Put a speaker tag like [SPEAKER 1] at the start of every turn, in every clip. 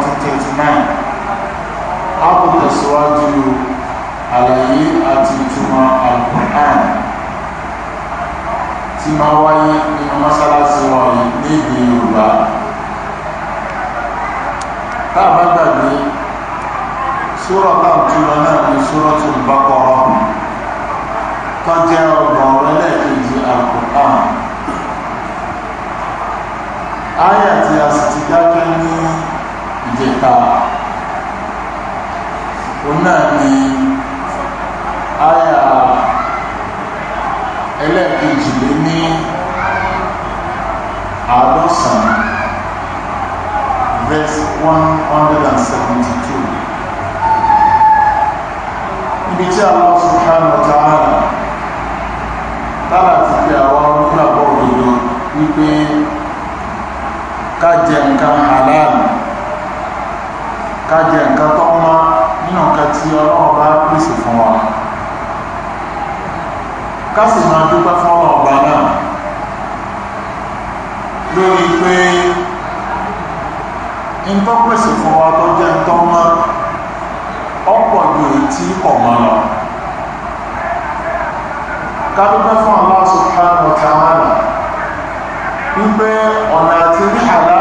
[SPEAKER 1] 1939 a kò tẹ̀síwájú àlàyé àti ìtumọ̀ alukur'an tí máa wáyé nínú mọ́sálásí wa ní èdè Yorùbá tá a bá gbàgbé sórọ̀ tá a tún lọ náà ní Suratul Baqara tó jẹ́ ọgbọ̀n ọ̀rẹ́ lẹ́ẹ̀kejì alukur'an ayé àti àsìtìdájọ́ ní ìjẹta òun náà ni àyà ẹlẹ́ẹ̀kejì lé ní àádọ́sàn verse one hundred and seventy-two níbi tí Allah subhanahu wa ta'ala tára ti fi àwọn onígbàgbọ́ òdodo wípé ká jẹ nǹkan halal ká jẹ nǹkan tó mọ́ nínú nǹkan tí ọlọ́run bá pèsè fún wa ká sì máa dúpẹ́ fún ọlọ́ọ̀gbà náà lórí pé nǹkan pèsè fún wa tó jẹ́ nǹkan mọ́ ọ̀pọ̀ ju èyí tí kò mọ́ lọ ká dúpẹ́ fún Allah subhanahu wa ta'ala wípé ọ̀nà àti rí àlá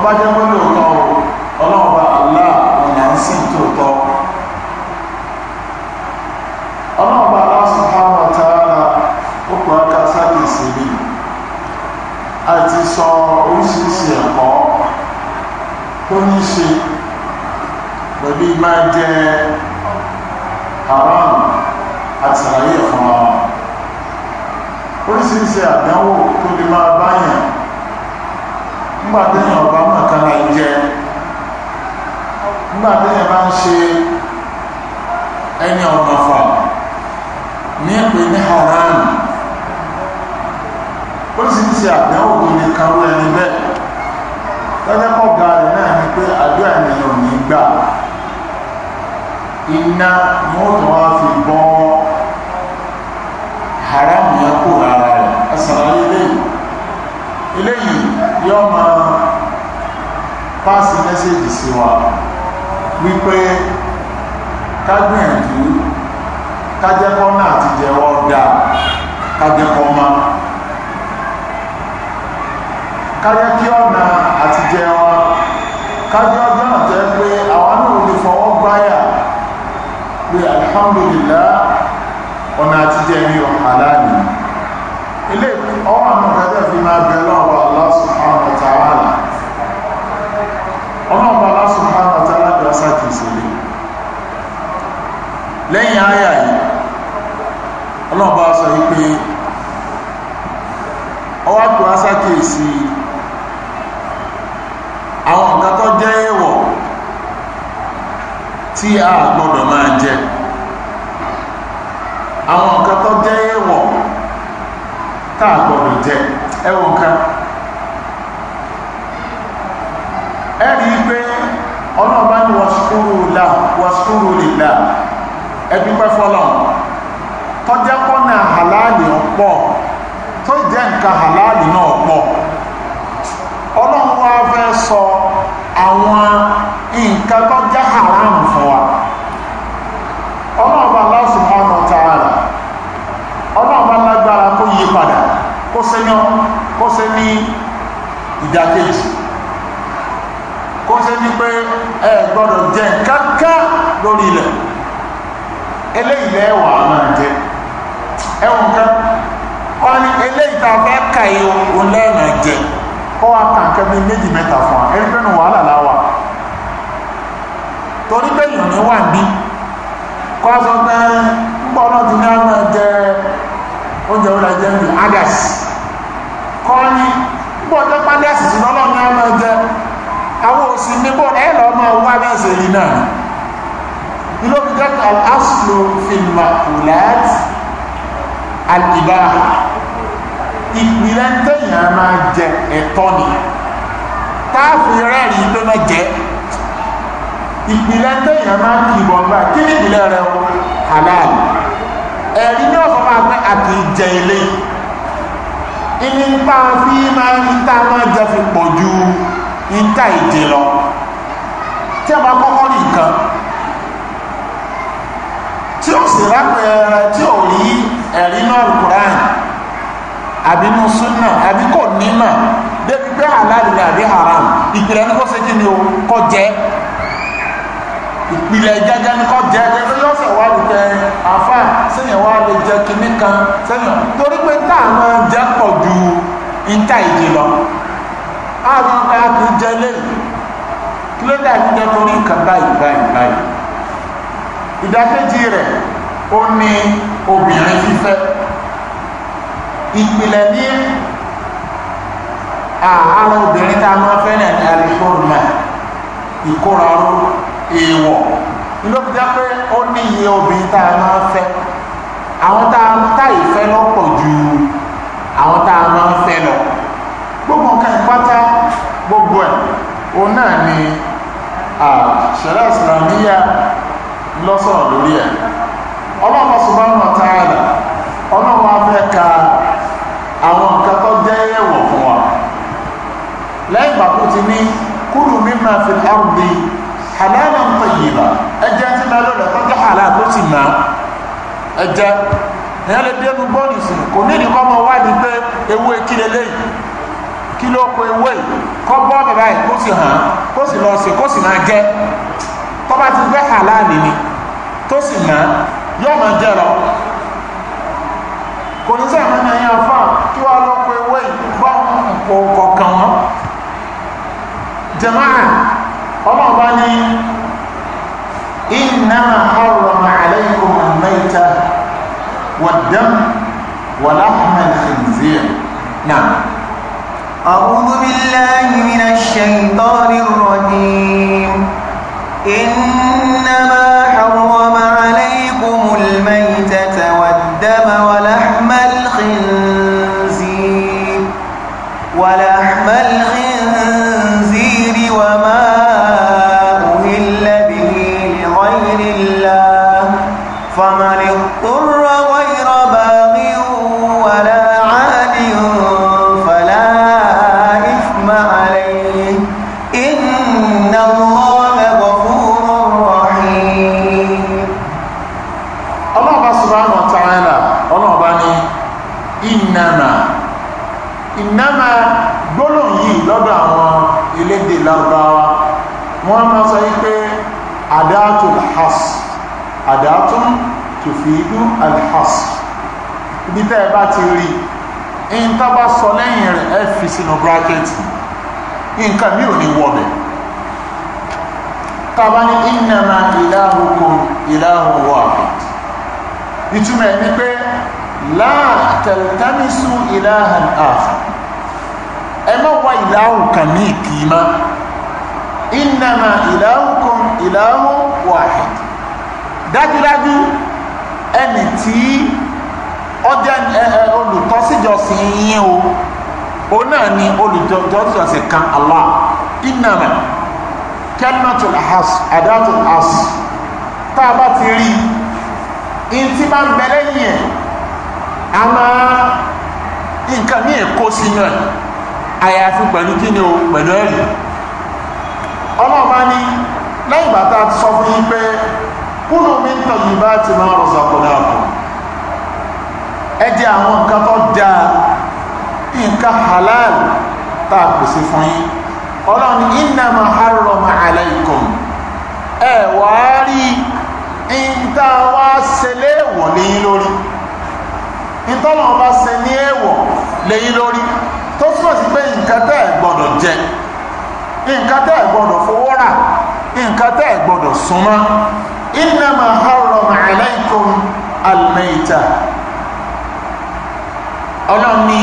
[SPEAKER 1] ọba jẹ́ pé lóòótọ́ ọlọ́ọ̀ba Allah wọn là ń sìn tóòtọ́ ọlọ́ọ̀ba Allah subhanahu wa ta'ala ó pọ̀ ọ́ ká sákèsì rí àti sọ oríṣiríṣi ẹ̀kọ́ tó ní ṣe pẹ̀lú ìmá jẹ́ haram àti àyè fún wa oríṣiríṣi àdánwò tó lè máa báyàn nígbà téèyàn ọba mọ̀ kan láì jẹ nígbà téèyàn bá ń ṣe ẹni ọ̀nà fà ní ẹ̀pẹ́ ní haram ó sì ti ṣe àdánwò gidi kan ló ẹni bẹ́ẹ̀ tọ́jọ́pọ̀ ga rẹ̀ náà ni pé àdó ènìyàn ò ní gbà iná mọ́tò wá fi bọ́ haram yẹn kó rárá rẹ̀ ẹ̀sán eléyìí eléyìí yóò máa pàṣẹ mẹ́sẹ̀jì sí wa wípé kágbìyànjú kájẹ́kọ́ náà ti jẹ́wọ́ dáa kájẹ́kọ́ máa kájẹ́ kí ọ̀nà àtijẹ́ wa kájẹ́ ọjọ́ náà jẹ́ pé àwọn náà lè fọwọ́ gbáyà pé alhamdulillah ọ̀nà àtijẹ́ mi ò hàlá ni ilé ọwọ́ àwọn ọ̀gá jẹ́ fi máa bẹ̀ lọ́wọ́ Allah subhanahu wa ta'ala ọlọ́ọ̀bá Allah subhanahu wa ta'ala bí ọsá kìí sílé lẹ́yìn ayà yìí ọlọ́ọ̀bá sọ wípé ọwá tó ọsá kìí sí àwọn nǹkan tó jẹ́ èèwọ̀ tí a gbọ́dọ̀ máa jẹ àwọn nǹkan tó jẹ́ èèwọ̀ tá a gbọ́dọ̀ jẹ ẹwọ̀n kan ọlọ́ọ̀bá ni wàṣúrù lìlá ẹdúpẹ́ fọ́lọ̀ tọ́jẹ́pọ́ na halali ọ̀pọ̀ tó jẹ́ nǹkan halali náà ọ̀pọ̀ ọlọ́run wá fẹ́ sọ àwọn nǹkan tó jẹ́ haram fún wa ọlọ́ọ̀bá Allah subhanahu wa lágbára kó yí padà kó sẹ́ ní ìdákejì gbọ́dọ̀ jẹ káká lórí ilẹ̀ eléyìí lẹ́wà máa jẹ ẹwọn kan wọn ni eléyìí tá a fẹ́ ka yìí òun lẹ́ẹ̀nà jẹ kọ́ wa kàn kẹ́ bí méjì mẹ́ta fún wa ẹni pẹ́nu wàhálà láwà torí bẹ́ẹ̀ yìí ni wà bí kọ́ sọ pé ń bọ́ náà ti ní àwọn jẹ oúnjẹ wọn la jẹ ń bí agas kọ́ ni ń bọ́ jẹ́ pálí àṣìṣe lọ́lọ́ ní àwọn jẹ àwọn òsì níbò ẹ lọ mọ wá bí ìṣèlú náà ìlóbi dẹ́ka aslo fìlmà kùlẹ́t àdìbà ìpìlẹ̀ tẹ̀yàn máa jẹ ẹ̀tọ́ ni táàfin rẹ́rìn ló máa jẹ ìpìlẹ̀ tẹ̀yàn máa kìbọn gbà kí ni ìpìlẹ̀ rẹ o halal ẹ̀rí ní ọ̀fọ̀ máa pẹ́ àti ìjẹ ilé ìní ń pa fi máa ń ta máa jẹ fi pọ̀ ju ń ta ìdè lọ tí a bá kọ́kọ́ rí nǹkan tí ó sì rápẹ̀ẹ́rẹ́ tí ò rí ẹ̀rí náà Qur'an àbínú súnà àbí kò nímọ̀ débi pé halal ni àbí haram ìpìlẹ̀ ní kò ṣe kí ni o kò jẹ́ ìpìlẹ̀ jẹ́jẹ́ ní kò jẹ́ pé lọ́sẹ̀ wá lè tẹ àfà sẹ́yìn wá lè jẹ kinní kan sẹ́yìn torí pé táwọn jẹ́ pọ̀ ju ń ta ìdè lọ àmọ́ bá kì í jẹ lẹ́yìn kí ló dé àtijọ́ torí nǹkan báyìí báyìí báyìí ìdákejì rẹ̀ ó ní obìnrin fífẹ́ ìpìlẹ̀ ní àárọ̀ obìnrin tá a máa fẹ́ náà ní alìkórùmá ìkóra ọrú èèwọ̀ nílòpì jẹ́ pé ó ní iye obìnrin tá a máa fẹ́ àwọn tá a táyì fẹ́ lọ́pọ̀ ju àwọn tá a máa fẹ́ lọ gbogbo nǹkan ìpátá gbogbo ẹ̀ o náà ni àṣẹ̀rẹ́ ìsìlámíyà lọ́sọ̀rọ̀ lórí ẹ̀ ọlọ́pàá subhanahu wa ta'ala ọlọ́pàá fẹ́ ka àwọn nǹkan tó jẹ́ ẹ̀wọ̀ fún wa lẹ́yìn bàbú ti ní kulu mimma fil ardi halalan tayyiba ẹjẹ́ tí máa lọ́rẹ̀ tó jẹ́ halal tó sì máa ẹjẹ́ ìyẹn lè dẹnu bọ́ọ̀lù sí kò ní ìdíkọ́ ọmọ wá pé ewé kílẹ̀ lẹ́yìn kí ló kọ ewé yìí kọ́ bọ́ bàbá yìí kó sì hàn kó sì lọ sí kó sì máa jẹ́ tó bá ti gbé halali ni tó sì nà yóò máa jẹ́ lọ kò ní sẹ́yìn máa yan fún kí wọ́n lọ kọ ewé bọ́ kò kọ̀ọ̀kan wọn jama'a ọmọ ọba ní innama harrama alaykum al-mayta wad-dam wa lahma náà
[SPEAKER 2] أعوذ بالله من الشيطان الرجيم إنما حرم عليكم الميت
[SPEAKER 1] hasr ibi tẹ́ ẹ bá ti rí in tá bá sọ lẹ́yìn rẹ̀ ẹ fi sínú bírákẹ́tì nǹkan mi ò ní wọ̀bẹ̀ tàbá ní innama ilahukum ilahu wahid ìtumọ̀ pé la taltamisu ilahan ẹ má wá ìlàhù kan ní ìkìímá innama ilahukum ilahu dájúdájú ẹni tí ọjọ́ olùtọ́síjọsìn yín o òun náà ni olùtọ́síjọsìn kan Allah innama kalimatul has adatul has tá a bá ti rí i tí máa ń bẹ lẹ́yìn ẹ̀ a máa nǹkan ní èkó sínú ẹ̀ àyàfi pẹ̀lú kí ni o pẹ̀lú ẹ̀rí ọlọ́ọ̀bá ní lẹ́yìn bàtà sọ fún yín pé kúnà mi ń tàbí bá ti ẹ dị àwọn nǹkan tó dáa nǹkan halal tá a pèsè fún yín ọlọ́run iná ma ma aláìkùn ẹ wà á rí ìta wá sẹlẹ̀ lórí ìtọ́nà ọba sẹ ní èèwọ̀ lẹ́yìn lórí tó túnmọ̀ sí pé nǹkan ẹ̀ gbọ́dọ̀ jẹ nǹkan ẹ̀ gbọ́dọ̀ fowó rà innama harrama alaykum almeita ọlọ́run ní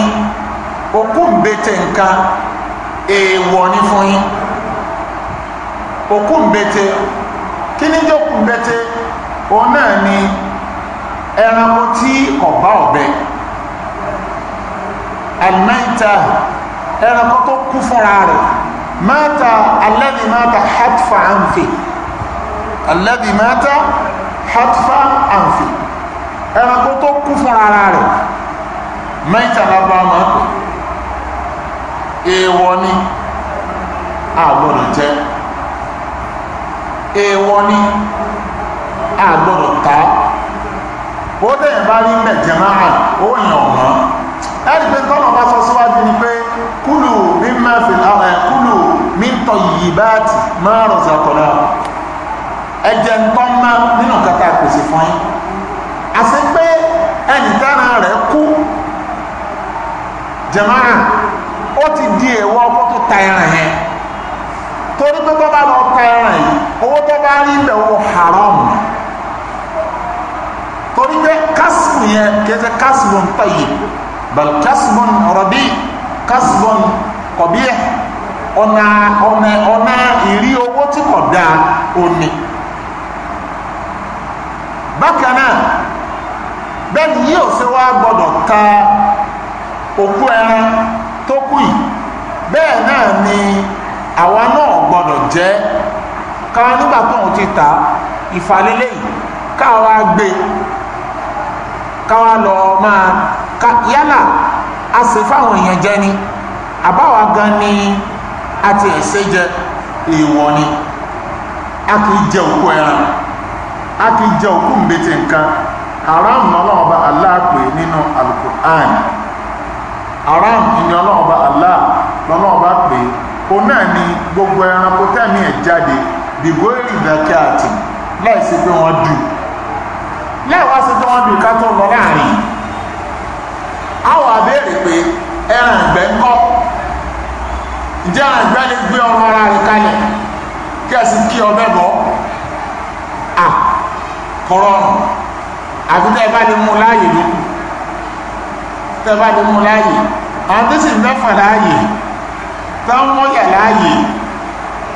[SPEAKER 1] òkú ńbẹ́tẹ̀ nǹkan èèwọ̀ ní fún yín òkú ńbẹ́tẹ̀ kí ní jókù ńbẹ́tẹ̀ òun náà ni ẹranko tí kò bá ọ̀bẹ almeita ẹranko tó kú fúnra rẹ̀ mata alladhi mata hatfa anfi alladhi mata hatfa anfi ẹranko tó kú fún ara rẹ̀ mẹ́ta lábá máa pè èèwọ̀ ni àgbọ̀dọ̀ jẹ́ èèwọ̀ ni àgbọ̀dọ̀ ta ó dẹ̀ bá rí mẹ̀jẹ̀ máa ó yàn wọ́n ẹ̀rí pé tọ́nà bá sọ síwájú ni pé kúlù mimma fil ardi kúlù min tayyibati ma razaqna ẹjẹ ń tọ́ mọ́ nínú nǹkan tá a pèsè fún yín àti pé ẹnì tára rẹ̀ kú jẹ̀máà ó ti di èèwọ̀ ọkọ̀ tó ta ẹran yẹn torí pé tó bá lọ ta ẹran yìí owó tó bá rí ibẹ̀ wọ haram torí pé kásìmù yẹn kìí ṣe kásìmù ń tọ̀ yìí bal kásìmù ọ̀rọ̀ bíi kásìmù kọ̀bí ẹ̀ ọ̀nà ọ̀nà ìrí owó tí kò dáa ó ní. bákan náà bẹ́ẹ̀ni yìí ò ṣe wá gbọ́dọ̀ ta òkú ẹran tó kù yìí bẹ́ẹ̀ náà ni àwa náà gbọ́dọ̀ jẹ́ káwa nígbà tóun ti ta ìfàlélẹ́ yìí káwa gbé káwa lọ máa ka yálà a sì fáwọn èèyàn jẹ ni àbáwa gan ni a ti ẹ̀ ṣe jẹ èèwọ̀ ni a kì í jẹ òkú a kì í jẹ oku mbete haram ni ọlọ́run ọba Allah pè n'inu alukur'an haram ni ọlọ́run ọba Allah lọ́lọ́run ọba pè o náà ni gbogbo ẹranko tẹ́mi ẹ̀ jáde dìbò èrì ìdákẹ́ tó lọ láàrin àwọn àbẹ́rẹ́ pé ẹran ìgbẹ́ ń kọ́ ǹjẹ́ ni gbé kọ́rọ́rùn àbí tẹ́ bá lè mú láàyè ló kù tẹ́ bá lè mú láàyè àwọn tó sì ń dáfà láàyè táwọn mọ́yà láàyè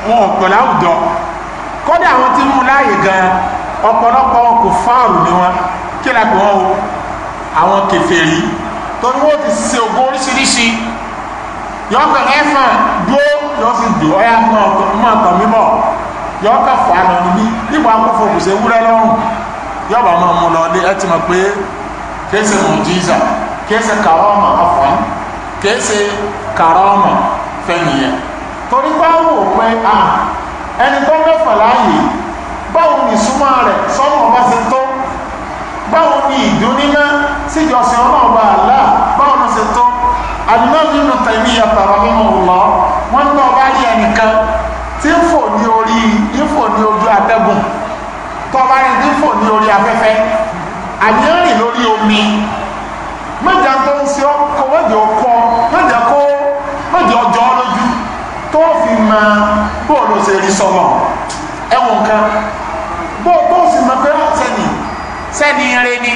[SPEAKER 1] wọn ò pẹ̀lú àwùjọ kọ́dà àwọn tí ń mú láàyè gan ọ̀pọ̀lọpọ̀ kò fáàrù ni wọn kí la pè wọ́n o àwọn kèfèrí torí wọ́n ti ṣe ògùn oríṣiríṣi yọ kàn ẹ̀fà dúró yọ sí dùn ọ́yà mọ́ ọkàn mímọ́ yọ kàn fà á lọ́nà bí nígbà kó fòkùsẹ̀ wúrẹ́ lọ́rùn yọba máa mú lọ lé ẹ ti mọ̀ pé kéésì mùjíza kéésì kàrọ́ọ̀mà afọ́n kéésì kàrọ́ọ̀mà fẹ́niyẹn torí bá wò pé a ẹni tó mẹ́fà láàyè báwo ni súnmọ́ rẹ̀ sọ́nà ọba ti tó báwo ni ìdúnímẹ́ síjọsìn ọlọ́ọ̀bà àlá báwo ni ṣe tó alimami nu tẹ̀mí yàtàrà nínú lọ wọ́n ní ọba rí ẹnìkan tí ń fò ní orí ń fò ní ojú atẹ́gùn tọ́ba rìn tí ń fò ní orí afẹ́fẹ́ àní ń rìn lórí omi mẹ́jà tó ń ṣe ọkọ̀ mẹ́jà ọkọ̀ mẹ́jà kó mẹ́jà ọjọ́ lójú tó fi mọ bóòlù ṣe rí sọ̀rọ̀ ẹ̀wọ̀n kan bóòlù sì mọ pé sẹ́ni sẹ́ni rẹ ni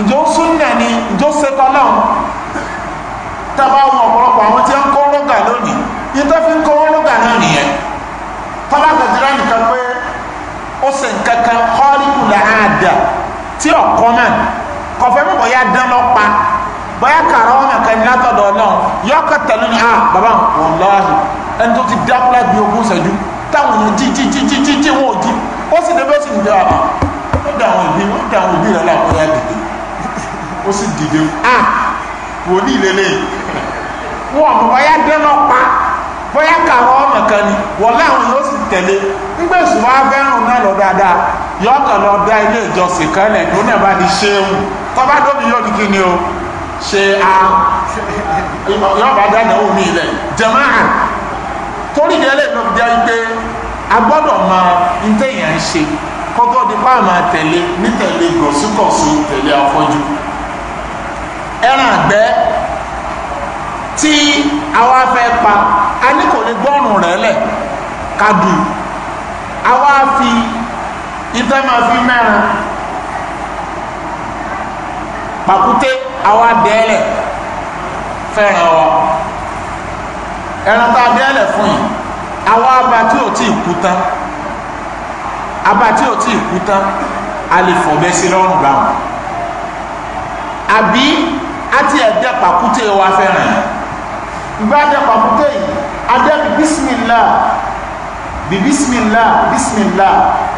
[SPEAKER 1] ìjọ súnnà ni ìjọ sẹ́kọ́lọ́n tàbá àwọn ọ̀pọ̀lọpọ̀ àwọn tí ó kọ́ lọ́gà lónìí ní fi ń kọ́ lọ́gà náà tí ọ̀kọ́ mọ̀ kọ̀fẹ́ mọ̀ bóyá dán lọ pa bóyá kàrà ọmọ kan látọ̀dọ̀ náà yọkọ̀ tẹ̀lé ni a ah, bàbá wọn lọ́ọ̀hìn ẹni tó ti dákúlá bí ogún ṣẹ́jú táwọn èèyàn jí jí jí jí jí wọn ò jí ó sì débi ó sì ń jẹ àbá ó dà àwọn ìbí ó dà àwọn ìbí rẹ láwọn ọ̀rẹ́ dìde ó sì dìde a ah, wòlíì lélẹ̀ wọn mọ̀ bóyá dán lọ pa bóyá kàrà ọmọ kan ni wọ́n láwọn yóò sì tẹ̀lé ńgbèsùn wá fẹ́ràn náà lọ dáadáa yọkàn lọ dá ilé ìjọsìn kan lẹ tó náà bá di ṣéwù tọ́ba dóbi yóò di kíni o ṣe a yọba dáná omi ilẹ̀ jẹmáà torí ìdílé ló fi jẹ́ pé a gbọ́dọ̀ mọ ntẹ̀yàn ń ṣe kọ́tọ́ di pa máa tẹ̀lé nítẹ̀lé gọ̀súkọ̀sù tẹ̀lé afọ́jú ẹran àgbẹ̀ tí àwa fẹ́ pa a ní kò ní gbọ́rùn rẹ̀ lẹ̀ ká àwa fi ìtẹ́ máa fi mẹ́rin pàkúté àwa dẹ́ẹ̀lẹ̀ fẹ́ràn ọ ẹran tá a dẹ́ẹ̀lẹ̀ fún yìí àwa abá tí ò tí ì kú tán abá tí ò tí ì kú tán a lè fọ̀bẹ́ sí lọ́rùn báwọn àbí a ti ẹ̀ pàkúté wa fẹ́ràn yìí ìgbà pàkúté yìí a bisimilá bí bísmìlá bísmìlá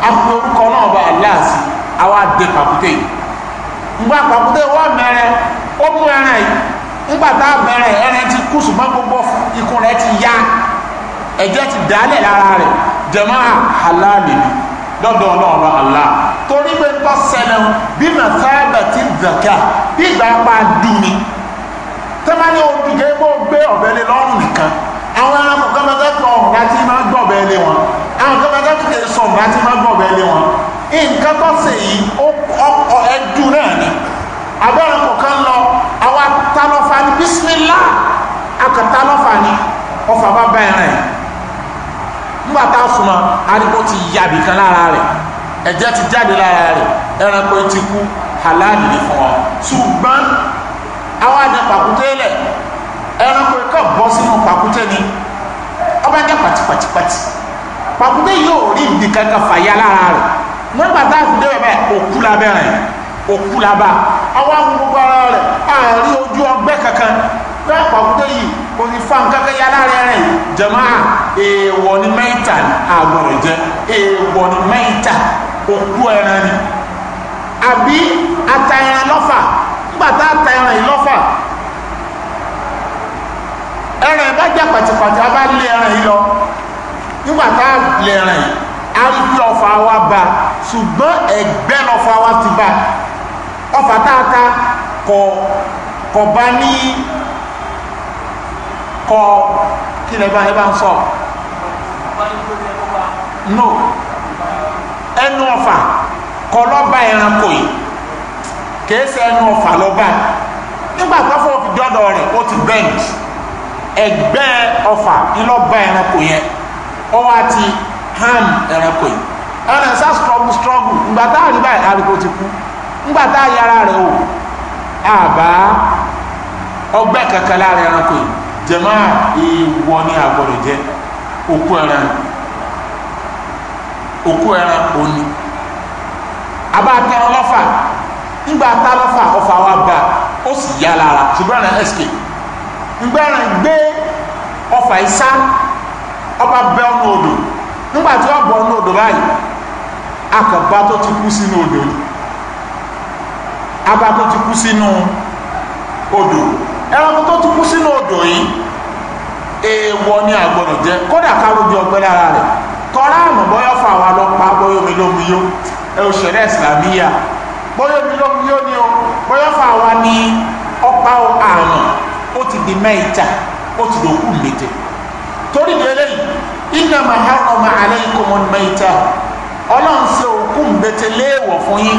[SPEAKER 1] àpò orúkọ náà bá aláàsì àwa dé pàkúté yìí ngbà pàkúté wà mẹrẹ ó mú ẹran yìí ngbà tá a bẹ̀rẹ̀ ẹran ti kú ṣùgbọ́n gbogbo ikùn rẹ̀ ti yá ẹ̀jẹ̀ ti dálẹ̀ lára rẹ̀ jẹ̀mọ́ àhàlálẹ̀ mi lọ́dọ̀ ọlọ́ọ̀rọ̀ àlá torí pé tó ṣẹlẹ̀ bí màsáàbà ti zàkà bí ìgbà pa dùn ni tẹ́mání odùgẹ́ bó gbé ọ̀bẹ lé lọ́rùn nìkan àwọn ẹranko kọ́mọtẹ́ kan ọ̀gá tí máa gbọ̀bẹ̀ lé wọn àwọn kọ́mọtẹ́ fi kìí sọ ọ̀gá tí máa gbọ̀bẹ̀ lé wọn nǹkan tó ṣe yìí ọkọ̀ ẹ̀dùn náà ni àbẹ́ ẹranko kan lọ àwa talọ́fà ní bísímìlá akàtalọ́fà ní ọfà bá bá ẹran yìí nígbà tá a súnmọ́ ariwo ti yàbí kan lára rẹ̀ ẹ̀jẹ̀ ti jáde lára rẹ̀ ẹranko ti kú halal ní fún ọ ṣùgbọ́n àwa àjẹpàkútẹ́lẹ̀ ẹranko yìí kàn bọ́ sínú pàkúté ni ọba jẹ́ pàtìpàtìpàtì pàkúté yìí ò rí ibi kankan fàyà lára rẹ̀ nígbà tá a fi débẹ̀ bẹ́ẹ̀ òkú labẹ́ rẹ̀ òkú laba àwọn agbègbè ara rẹ̀ àárín ojú ọgbẹ́ kankan bẹ́ẹ̀ pàkúté yìí kò ní fa nǹkan kan yá lára rẹ̀ jẹ̀mọ́ èèwọ̀ ni mẹ́ta àgbọ̀rọ̀ jẹ́ èèwọ̀ ni mẹ́ta òkú ẹran ni àbí ata ẹran lọ́fà nígbà tá a ta ẹran yìí lọ́fà ẹran ẹ̀ bá jẹ́ pàtìpàtì a bá lé ẹran yìí lọ nígbà tá a lè rìn a rí bí ọfà wa bá ṣùgbọ́n ẹ̀gbẹ́ lọ́fà wa ti bá ọfà táata kọ̀ kọ̀ bá ní kọ kí lè bá ẹ bá ń sọ no ẹnu ọfà kọ lọ́ba ẹranko yìí kìí ṣe ẹnu ọfà lọ́ba nígbà tó fọ́ fi dọ́dọ̀ rẹ̀ ó ti bend. ẹgbẹ́ ọfà ńlọ́ba ẹranko yẹn ọwọ́ àti ham ẹranko yìí ẹran sá struggle struggle ńgbà tá àrí báyìí ti kú tá o àbá ọgbẹ́ kankan lára ẹranko yìí jẹ̀mọ́ ìwọ ni àgbọ̀dọ̀ jẹ òkú ẹran òkú ẹran òní àbá tẹran lọ́fà tá wa bá ó sì yá lára escape ngbẹ́ràn gbé ọfà ìsá ọba bẹ ọ̀nà odò nígbà tí ọ̀bọ̀ ọ̀nà odò báyìí akàbá tó ti kú sínú odò abá tó ti kú sínú odò ẹranko tó ti kú sínú odò yìí èèwọ̀ ni àgbọ̀nà jẹ kódà káròjì ọgbẹ́ lára rẹ̀ tọ́lá àmọ̀ bọ́yọ́ fà wà lọ pa bọ́yọ́ lómi yó ẹ ò ṣẹlẹ̀ ìsìlámíyà bọ́yọ́ lómi yó ni o bọ́yọ́ fà wà ní ọ̀pá àmọ̀ ó ti di mẹ́ìtà ó ti dòkú lété torí lélẹ́ yìí iná máa há ọmọ alẹ́ ikọ̀ mọ́ mẹ́ìtà ọlọ́run ṣe òkú léèwọ̀ fún yín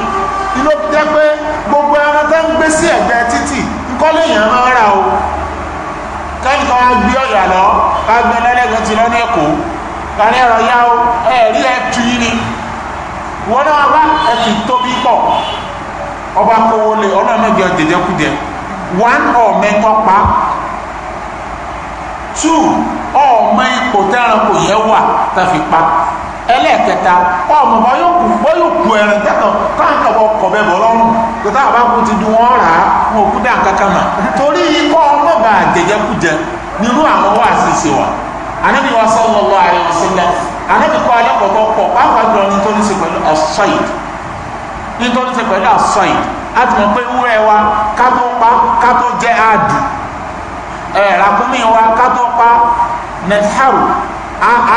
[SPEAKER 1] inú jẹ́ pé gbogbo ẹran tó ń gbé sí ẹ̀gbẹ́ títì nkọ́lé rà o kẹ́nìkan á gbé ọ̀yà lọ ká gbé lẹ́lẹ́gbẹ́ ti kárí ẹ̀rọ yá o ẹ̀rí ẹ̀ tu yín ni wọ́n náà wá ẹ̀fì tóbi pọ̀ ọba kówó lé ọlọ́run one ọ̀mẹ́tọ́ pa two ọmọ ipò tẹ́ranko yẹn wà tá fi pa ẹlẹ́ẹ̀kẹta ọmọ bá yóò kú bọ́ yóò kú ẹran tẹ́tàn káńkà bọ́ kọ̀ bẹ́ẹ̀ bọ́ lọ́rùn tó tá a bá kú ti dun wọn rà á wọn ò kú dá nǹkan kan mà torí ikọ́ ọmọ bá jẹjẹkújẹ nírú àwọn wà sí ṣe wà anabi wa sallallahu alaihi wasallam anabi kọ́ alẹ́ kọ̀ọ̀kọ̀ pọ̀ pàápàá jọ nítorí ṣe pẹ̀lú aside nítorí ṣe pẹ̀lú aside a ti mọ̀ pé wúrẹ́ wa ká tó pa ká tó jẹ́ àdù ẹ̀ràkúnmí wa ká tó pa nẹ̀tàrù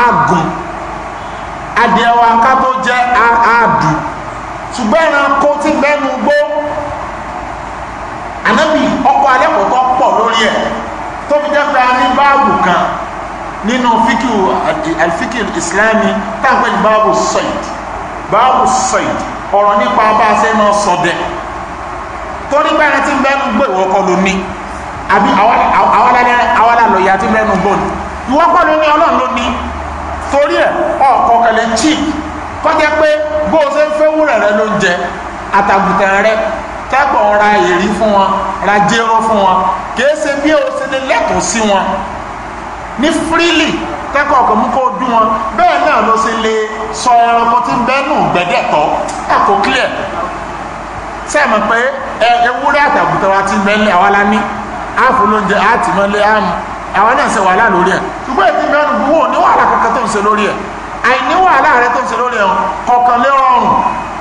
[SPEAKER 1] àgùn adìẹ wa ká tó jẹ́ àdù ṣùgbọ́n ẹranko ti gbẹ́nu gbó ànábì ọkọ̀ alẹ́kọ̀ọ́kọ́ pọ̀ lórí ẹ̀ tó fi jẹ́ pé a ní báàbù kan nínú fíkìú àlfíkìú ìsìláàmì táwọn báàbù sọ̀yìd báàbù sọ̀yìd ọ̀rọ̀ nípa bá a ṣe máa sọdẹ torí pé ẹni tí ń bẹ́nu gbé ìwọ kọ́ ló ní àbí àwọn àlọ́yà tí bẹ́nu gbó ni ìwọ kọ́ ló ní ọlọ́run ló ní torí ẹ̀ ọkọ̀ kẹlẹ̀ ń chì kọjá pé bó o ṣe ń fẹ́ wúrẹ̀ rẹ ló ń jẹ àtàgùtàn rẹ kẹ́kọ̀ọ́ ra èrí fún wọn ra jéró fún wọn kìí ṣe bí o ṣe lè lẹ́tọ̀ọ́ sí wọn ní fírílì kẹ́kọ̀ọ́ kò mú kó dún wọn bẹ́ẹ̀ náà ló ṣe lè sọ ẹranko tí ń bẹ́ẹ̀ nù gbẹ́dẹ̀ tọ́ ẹ̀kọ́ clear sẹ́ẹ̀mọ̀ pé ewúrẹ́ àtàkùtà wa ti mẹ́lẹ̀ àwa la ní àfọlóúnjẹ àti mẹ́lẹ̀ àmú àwa náà ṣe wàhálà lórí ẹ̀ ṣùgbọ́n ètò ìbẹ́nu wò ní wàhálà kankan tó ń ṣe lórí ẹ̀ àìní wàhálà rẹ tó ń ṣe lórí ẹ̀ kọ̀ọ̀kan lé rọrùn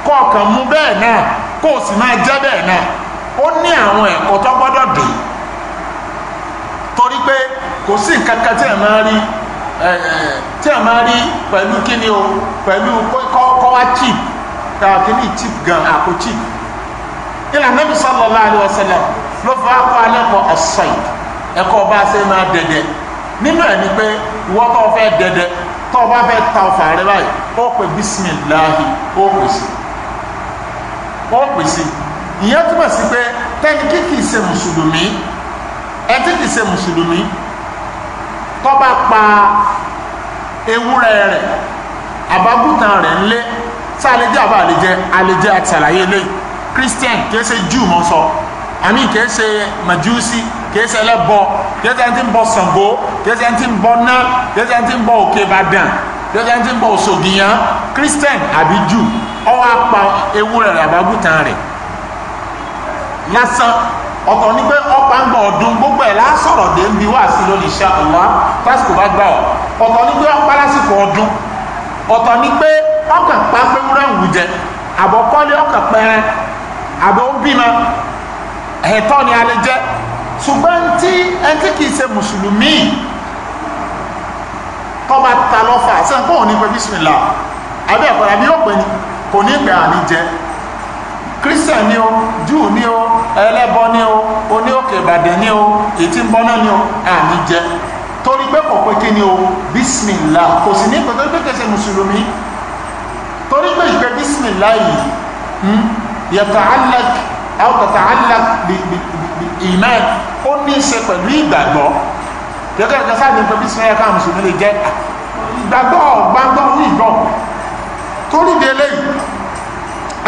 [SPEAKER 1] kọ̀ọ̀kan mú bẹ́ẹ̀ náà kó o sì máa jẹ́ bẹ́ẹ̀ náà ó ní àwọn ẹ̀kọ́ tó gbọ́dọ̀ dé torí pé kò sí nǹkan tí ẹ̀ máa rí tí a máa rí pẹ̀lú kíni o pẹ̀lú kọ́wá chip kìíní chip gan àpò chip ila nabi sallallahu alayhi wa sallam lọ́fọ̀ akọ alẹ́kọ̀ọ́ as-sayd ẹ̀kọ́ ọba ṣe máa dẹdẹ nínú ẹ̀ ni pé ìwọ tó fẹ́ dẹdẹ tó o bá fẹ́ ta ọfà rẹ báyìí ó pè bísímìláhì ó pè sí ó pè sí ìyẹn túmọ̀ sí pé tẹ́ni kí kìí ṣe mùsùlùmí ẹ tí kìí ṣe mùsùlùmí tó bá pa ewúrẹ́ rẹ̀ àbábùtàn rẹ̀ ńlé tí alẹ́jẹ́ àbá àlejẹ́ àlejẹ́ àtàlàyé lẹ́yìn christian kìí ṣe jew mọ́ sọ àmì kìí ṣe majusi kìí ṣe ẹlẹ́bọ kìí ṣe ẹni tí ń bọ Ṣàngó kìí ṣe ẹni tí ń bọ ná kìí ṣe ẹni tí ń bọ òkè ìbàdàn kìí ṣe ẹni tí ń bọ christian àbí jew ọwọ́ apá ewúrẹ́ rẹ̀ àbágùtàn rẹ̀ lásán ọ̀tọ̀ ní pé ọ̀pá ń gbọ́ ọdún gbogbo ẹ̀ lásọ̀rọ̀ dé ń bi wá sí lónìí ṣá ọ̀wá tásìkò bá gbà ọ̀ ọ̀tọ̀ ní pé ọ̀pá lásìkò ọdún ọ̀tọ̀ ní pé ọkàn pa pé wúrẹ́ ń wù jẹ àbọ̀kọ́lé ọkàn pẹrẹ àbọ̀ ń bímọ ẹ̀tọ́ ni a lè jẹ́ ṣùgbọ́n tí ẹni tí kìí ṣe mùsùlùmí tó bá ta lọ́fà sẹ́ńkọ́ òní pé bísmìlá abẹ́ ẹ̀kọ́ àbí yóò pè ní kò ní ìgbà àní jẹ kírísítẹ̀ ni o júù ni o ẹlẹ́bọ ni o oní òkè ìbàdàn ni o ètí ń bọ́ná ni o àní jẹ torí pé kò pé kí ni o bísmìlá kò sì ní ìpè tó pé kìí ṣe mùsùlùmí torí pé ìpè bísmìlá yìí hmm, yẹtàálẹk ẹwọtàtàálẹk ìmán ó ní í ṣe pẹ̀lú ìgbàgbọ́ yẹkẹ ẹjọ sáà ní pẹ bí sinmi ẹka mùsùlùmí lè jẹ gbàgbọ́ gbàgbọ́ ìgbọ torí de eléyìí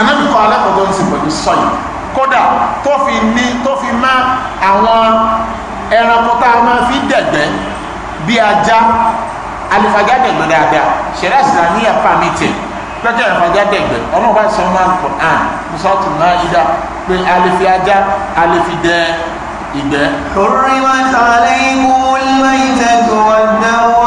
[SPEAKER 1] anábìkọ alákọọdọ ń sìn pẹ̀lú sọyìn kódà tó fi ní tó fi má àwọn ẹranko tá a máa fi dẹ̀gbẹ́ bí ajá alifajà dẹ̀gbẹ́ dáadáa ṣẹlẹ̀ sílá ní ẹ̀pá mi tẹ̀ lọ́jọ́ ìfàjà dẹ̀gbẹ̀ ọlọ́run bá sọ ọmọ alukur'an musatu naida pé alefi ajá alefi dẹ ìgbẹ́. orí wa sàlẹ̀ ìwúlò ìtẹ̀síwájú wa.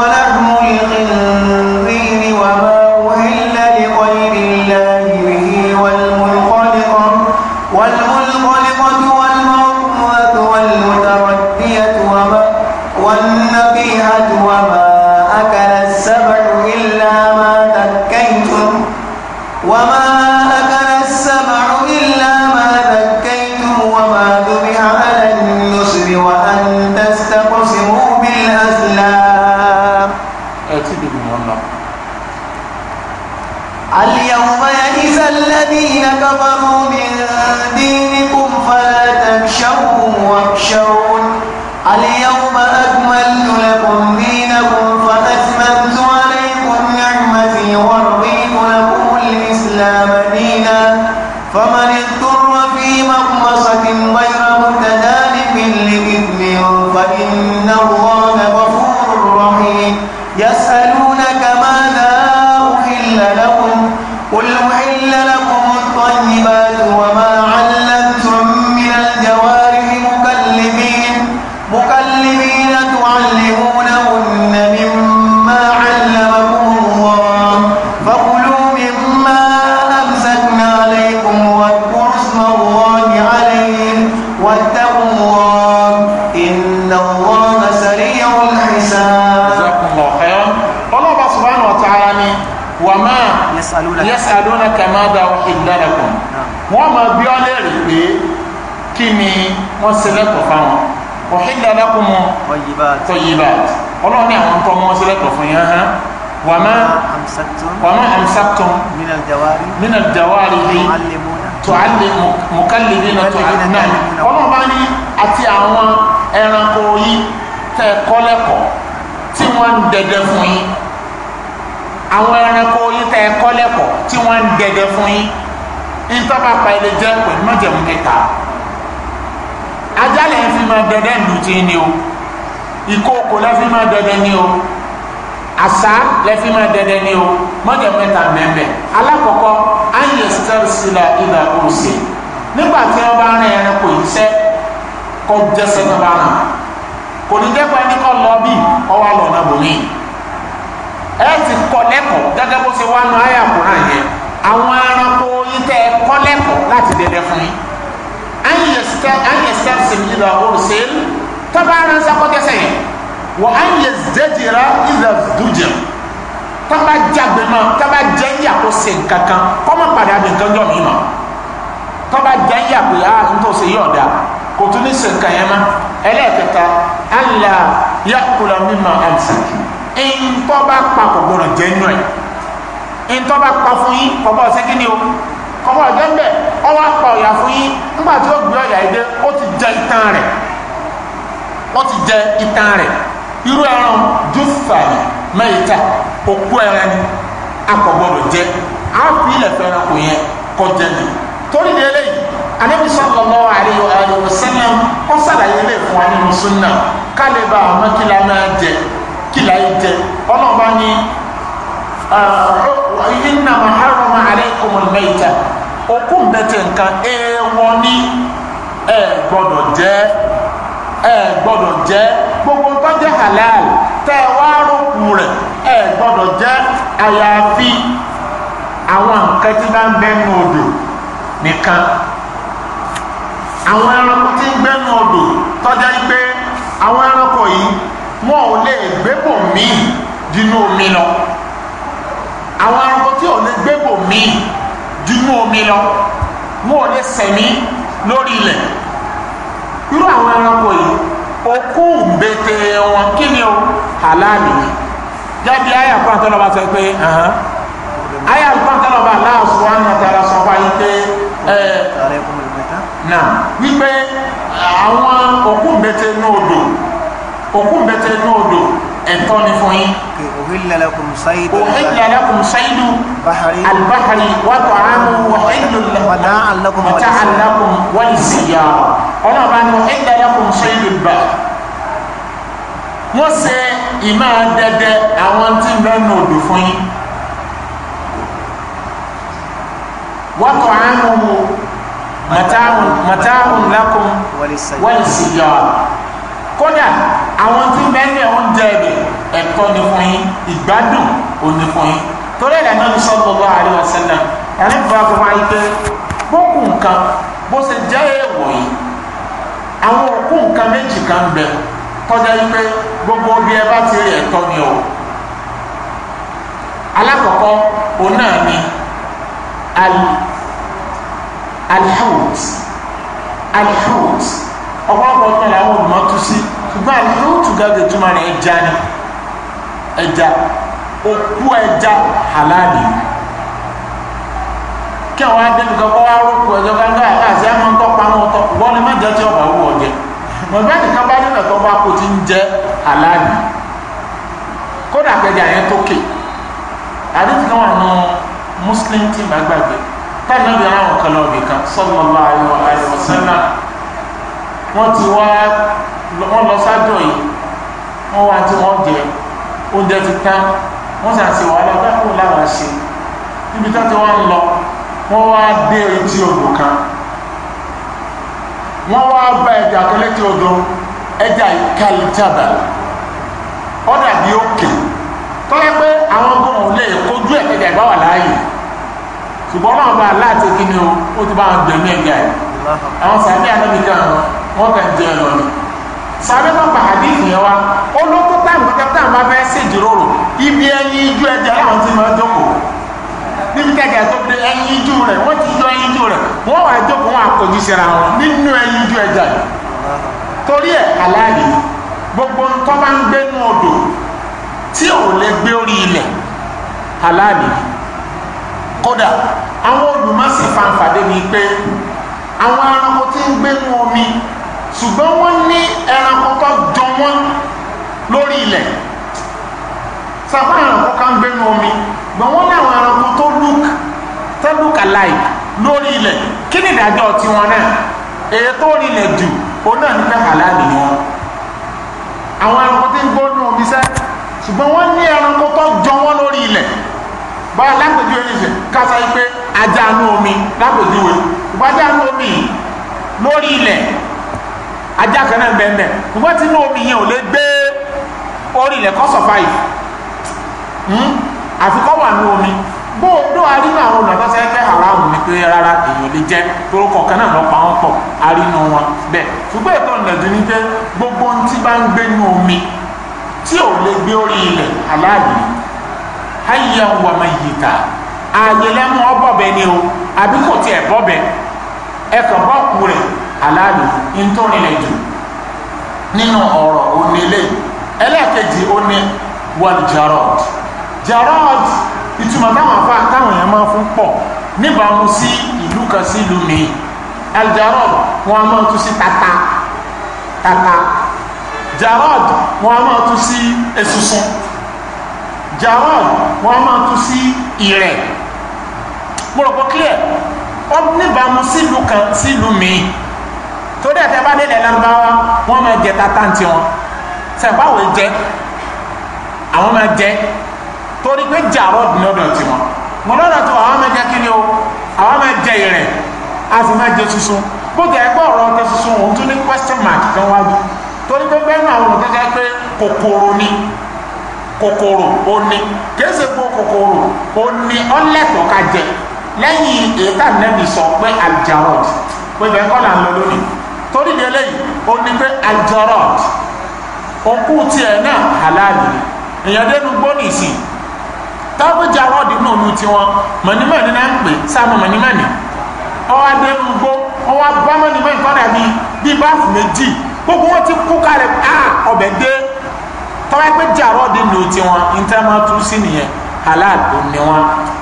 [SPEAKER 1] wọ́n sílẹ̀kọ̀ fáwọn ọ̀hídà lákùnmọ̀ tọ̀yìbàt ọlọ́run ní àwọn nǹkan wọn sílẹ̀kọ̀ fún yẹn hàn
[SPEAKER 2] wàmá amsaktum minal jawari hi tu'alli mukallibina tu'alli náà ọlọ́run
[SPEAKER 1] bá ní àti àwọn ẹranko yìí tẹ́ kọ́lẹ́kọ̀ọ́ tí wọ́n dẹ̀dẹ̀ fún yín àwọn ẹranko yìí tẹ́ kọ́lẹ́kọ̀ọ́ tí wọ́n dẹ̀dẹ̀ fún yín ní tọ́ bá pa ilé jẹ́ pẹ̀lú mọ́jẹ̀mú kẹta máa dẹdẹ ìlú tí ni o ìkókò lẹ́fí máa dẹdẹ ni o àṣà lẹ́fí máa dẹdẹ ni o mọ́jẹ̀ mẹ́ta mẹ́mẹ́ alákọ̀ọ́kọ́ ayé sẹ́rìsìlà ìlà òsè nígbà tí wọ́n bá rìn ẹranko yìí sẹ́ kọ́ jẹ́sẹ̀ tó bá rìn kò ní jẹ́ pé ẹni kọ́ lọ bí ọwọ́ àlọ́ ọ̀nà bòmí ẹ ti kọ́ lẹ́kọ̀ọ́ gẹ́gẹ́ bó ṣe wá nu ayé àkùnrin yẹn àwọn ẹranko yìí tẹ́ ẹ kọ́ lẹ́kọ̀ọ́ láti dẹdẹ fún yín an yastabsim idha ursil tabaran sa ko dese wa an yazdajira idha dujir taba jagbe ma taba jẹ ya ko se nkankan kọma padà bí nkan jọ mi ma taba jẹ ya ko ya n tó se yọ da kò tún ní se nkan yẹn ma ẹlẹ́ẹ̀kẹta ala yakula mimma amsaki ntọ́ bá pa kò gbọdọ̀ jẹ́ nù ẹ̀ ntọ́ bá pa fún yín kọ́ bá ọ̀sẹ̀ kí ni o ọmọ ọjọ́ ń bẹ̀ ọwọ́ apá ọ̀yà fún yín nígbà tí ó gbé ọ̀yà ìdẹ ó ti jẹ itan rẹ̀ ó ti jẹ itan rẹ̀ irú ẹran júfàlì mẹ́yìíta òkú ẹran ni a kò gbọdọ̀ jẹ á fi ilẹ̀ fẹ́ràn kò yẹn kọjá ni torí ni eléyìí anabi sallallahu alayhi wa alayhi wa sallam ó sàlàyé lè fún wa nínú sunna kálíbà àmọ́ kí la máa jẹ kí la yìí jẹ ọlọ́ọ̀bá ni ìhìnnà maharama aleikum almeita òkú mbẹ́tẹ̀ nǹkan èèwọ̀ ni ẹ jẹ ẹ jẹ gbogbo nǹkan halal tẹ́ ẹ wá jẹ àyàfi àwọn nǹkan tí bá ń odò nìkan àwọn ẹranko tí ń odò àwọn ẹranko tí ò lè gbégbò mí ju inú omi lọ wọn ò lè sẹ̀mí lórí ilẹ̀ irú àwọn ẹranko yìí okú mbete wọn kí ni o halali jáde ayé àkọ́ńtà lọ́ba sọ pé ayé àkọ́ńtà lọ́ba aláwọ̀ sọ wọn àti ara sọ fún ayé pé na wípé àwọn okú mbete náà odò okú mbete náà odò ẹ̀tọ́ ni fún yín. kì uhilla lakum saydu. uhilla lakum saydu. bahari. albahari wa ta'amu wa uhillu lakum. wa ta'an lakum wa ta'an lakum wa ziyara. ọ̀nà bá ní uhilla lakum saydu bá. wọ́n ṣe ìmọ̀ dẹ́dẹ́ àwọn tí ń bẹ́ nù odò fún yín. wa ta'amu
[SPEAKER 2] mata'un mata'un lakum wa ziyara.
[SPEAKER 1] kódà àwọn tí mẹ́rin oúnjẹ rẹ̀ ẹ̀tọ́ ni fún yín ìgbádùn òní fún yín torí ẹ̀rẹ̀ náà ní sallallahu alaihi wasallam ẹ̀rẹ́ bí wàá fún wa yí pé bókù nǹkan bó ṣe jẹ́ èèwọ̀ yìí àwọn òkú nǹkan méjì kan bẹ tọ́jà yí pé gbogbo bí ẹ bá ti rí ẹ̀tọ́ ni o alákọ̀ọ́kọ́ òun náà ni alihawut alihawut ọ̀pọ̀lọpọ̀ ọ̀tọ̀ làwọn olùmọ̀tú sí ṣùgbọ́n àlùtù gàgé túmọ̀ ní ẹja ni ẹja òkú ẹja halali kí àwọn adẹnukọ kọ wá rúkú ẹjọ gángan àti àti àmọ ń tọpa àwọn ọtọ wọn ni má jẹ tí ọba wù ọjẹ mọ̀gbẹ́ nìkan bá nílẹ̀ tó bá kó ti ń jẹ halali kódà pẹ̀lú àyẹn tó kè àdéhùn náà nù muslim tí màgbàgbé táwọn náà bí wọn àwọn kan lọ bìkan sallallahu alaihi wa wọ́n ti wá wọ́n lọ sádùn yìí wọ́n wá tí wọ́n jẹ oúnjẹ ti tán wọ́n sì àti wàhálà bákò láwọn ṣe níbi tó ti wá ń lọ wọ́n wá dé etí odò kan wọ́n wá bá ẹja tó létí odò ẹja ìkàlìjàbà ó dàbí òkè tó yẹ pé àwọn gbọ́n ò lè kojú ẹ̀ kẹjà ìbáwà láàyè ṣùgbọ́n náà bá aláàtẹ̀kí ni ó ti bá wọn gbẹ̀mí ẹja yìí àwọn sàbí anábìkan wọn kàn jẹ ẹ lọ ni sàbí wọn pa hadith yẹn wa olóko táwọn kẹkẹ táwọn bá fẹ́ ṣe ìjíròrò ibi ẹyin ijú ẹja láwọn ti máa jókòó níbi kájà tó fi ẹyin ijú rẹ wọn ti yọ ẹyin ijú rẹ wọn wà jókòó wọn àkójú síra wọn nínú ẹyin ijú ẹja yìí torí ẹ aláàlì gbogbo ntọ́ bá ń gbénu odò tí ò lè gbé orí ilẹ̀ aláàlì kódà àwọn olùmọ̀sí fanfàdé ni pé àwọn ẹranko tí ń gbénu omi ṣùgbọ́n wọ́n ní ẹranko tó jọ wọ́n lórí ilẹ̀ sàpá ẹranko kan gbénu omi gbọ́n wọ́n ní àwọn ẹranko tó look tó look alike lórí ilẹ̀ kí ni ìdájọ́ tiwọn náà èyí tó rí ilẹ̀ jù òun náà ní pẹ́ àlàálì wọn àwọn ẹranko tí ń gbónú omi sẹ́ ṣùgbọ́n wọ́n ní ẹranko tó jọ wọ́n lórí ilẹ̀ báyìí lápèjúwe nìṣẹ́ kásá yìí pé ajánu omi lápòjúwe ìgbà ajánu omi lórí ilẹ̀ ajá kan náà bẹ́ẹ̀ bẹ́ẹ̀ ìgbà tí inú omi yẹn ò lè gbé orí ilẹ̀ kọ́ survive hmm? àfikọ́ wà ní omi bó o dó arínú àwọn ọ̀nà tọ́sẹ̀ fẹ́ haramu ni pé rárá èèyàn lè jẹ́ torúkọ kan náà lọ pa wọ́n pọ̀ arínú wọn bẹ́ẹ̀ ṣùgbọ́n ètò ìnàjú ni pé gbogbo ohun tí bá ń gbé ní omi tí ò lè gbé orí ilẹ̀ aláàbì hayyan wa mayyita àyẹlẹmú ọbọbẹ ni o àbí kò tiẹ̀ bọbẹ ẹkàn bọọkù rẹ aláàlú ntọ́nilẹ̀ jù nínú ọ̀rọ̀ onílé ẹlẹ́ẹ̀kejì oní wal jarod jarod ìtumọ̀ táwọn afá táwọn èèyàn máa fún pọ̀ níbàámu sí ìlú kan sí ìlú mi al wọn a máa tún sí tata tata jarod wọn a máa tún sí esusun jarod wọn a máa tún sí ìrẹ̀ mo rò clear wọ́n níbàámu sílùú kan sílùú míì torí ẹ̀tẹ́ bá nílẹ̀ lárúbáwá wọ́n máa jẹ tata ntí wọn sẹ̀fáwò jẹ àwọn máa jẹ torí pé jàrọ̀ lọ́dọ̀ tí wọn mo lọ́dọ̀ tó àwọn máa jẹ kíni o àwọn máa jẹ ìrẹ̀ a sì máa jẹ sísun bó jẹ́ ẹgbẹ́ ọ̀rọ̀ ọ̀tẹ òun tún ní question mark kan wájú torí pé bẹ́ẹ̀ náà àwọn òkèké pé kòkòrò ni kòkòrò ó ní kì í ṣe pé kòkòrò ó ní ká jẹ lẹ́yìn ètà nẹ́bi sọ pé aljarod pé bẹ́ẹ̀ kọ́ là ń lọ lónìí torí de eléyìí ó ní pé aljarod òkú tiẹ̀ náà halali èèyàn dénú gbóni sí tọ́pù jarod inú olú tiwọn mọ̀nìmọ̀nì náà ń pè sáàmù mọ̀nìmọ̀nì ọwọ́ dénú gbó ọwọ́ bá mọ̀nìmọ̀nì kọ́ dàbí bí báfù méjì gbogbo wọn ti kú kalẹ̀ ah, ọbẹ̀ dé tọ́wọ́ pé jarod inú tiwọn ní tẹ́ máa tú sí nìyẹn ala don newa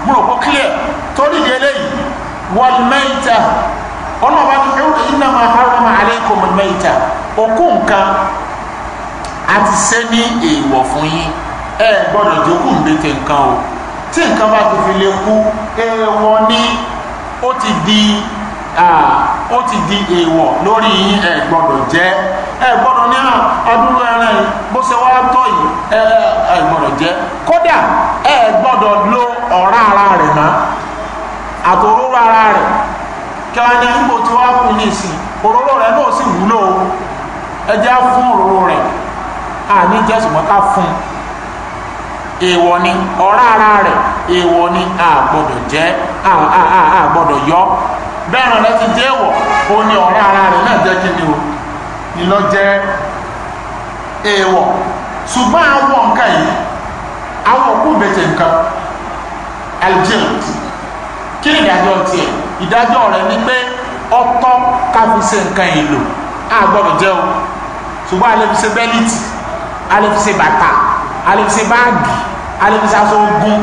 [SPEAKER 1] muna ko clear to ni dele yi wal maita ono ba ni yau inna ma harama alaikum al maita o kunka ati seni e wo fun yi e gboro jo ku nbe te o ti nkan ba ti fi le ku e woni o ti di Ah, ó ti di èèwọ̀ lórí ẹ gbọ́dọ̀ jẹ ẹ gbọ́dọ̀ ní àdúrà ah, ẹran yìí bó ṣe wá tọ́ yìí ẹ gbọ́dọ̀ jẹ kódà ẹ gbọ́dọ̀ lo ọ̀rá ara rẹ̀ mọ́ àtòróró ara rẹ̀ kí wọ́n ní ipò tí wọ́n kú ní ìsìn òróró rẹ̀ náà sì wúlò ẹjẹ́ fún òróró rẹ̀ àní jẹ́ ṣùgbọ́n ká fún un èèwọ̀ ni ọ̀rá ara rẹ̀ èèwọ̀ ni a gbọ́dọ̀ jẹ́ a gbọ́dọ̀ yọ bẹ́ẹ̀ rẹ̀ ti jẹ́ wọ̀ ó ní ọ̀rá ara rẹ̀ náà jẹ́ kí ni o ìlọ jẹ́ èèwọ̀ ṣùgbọ́n àwọn nǹkan yìí àwọn òkú bẹ̀tẹ̀ nǹkan algeria kí ni ìdájọ́ tiẹ̀ ìdájọ́ rẹ̀ ni pé ọtọ́ káfí ṣe nǹkan èlò a gbọ́dọ̀ jẹ́ o ṣùgbọ́n a fi ṣe bẹ́líìtì a fi ṣe bàtà alẹ́fisẹ́ báàgì alẹ́fisẹ́ aṣọ ogun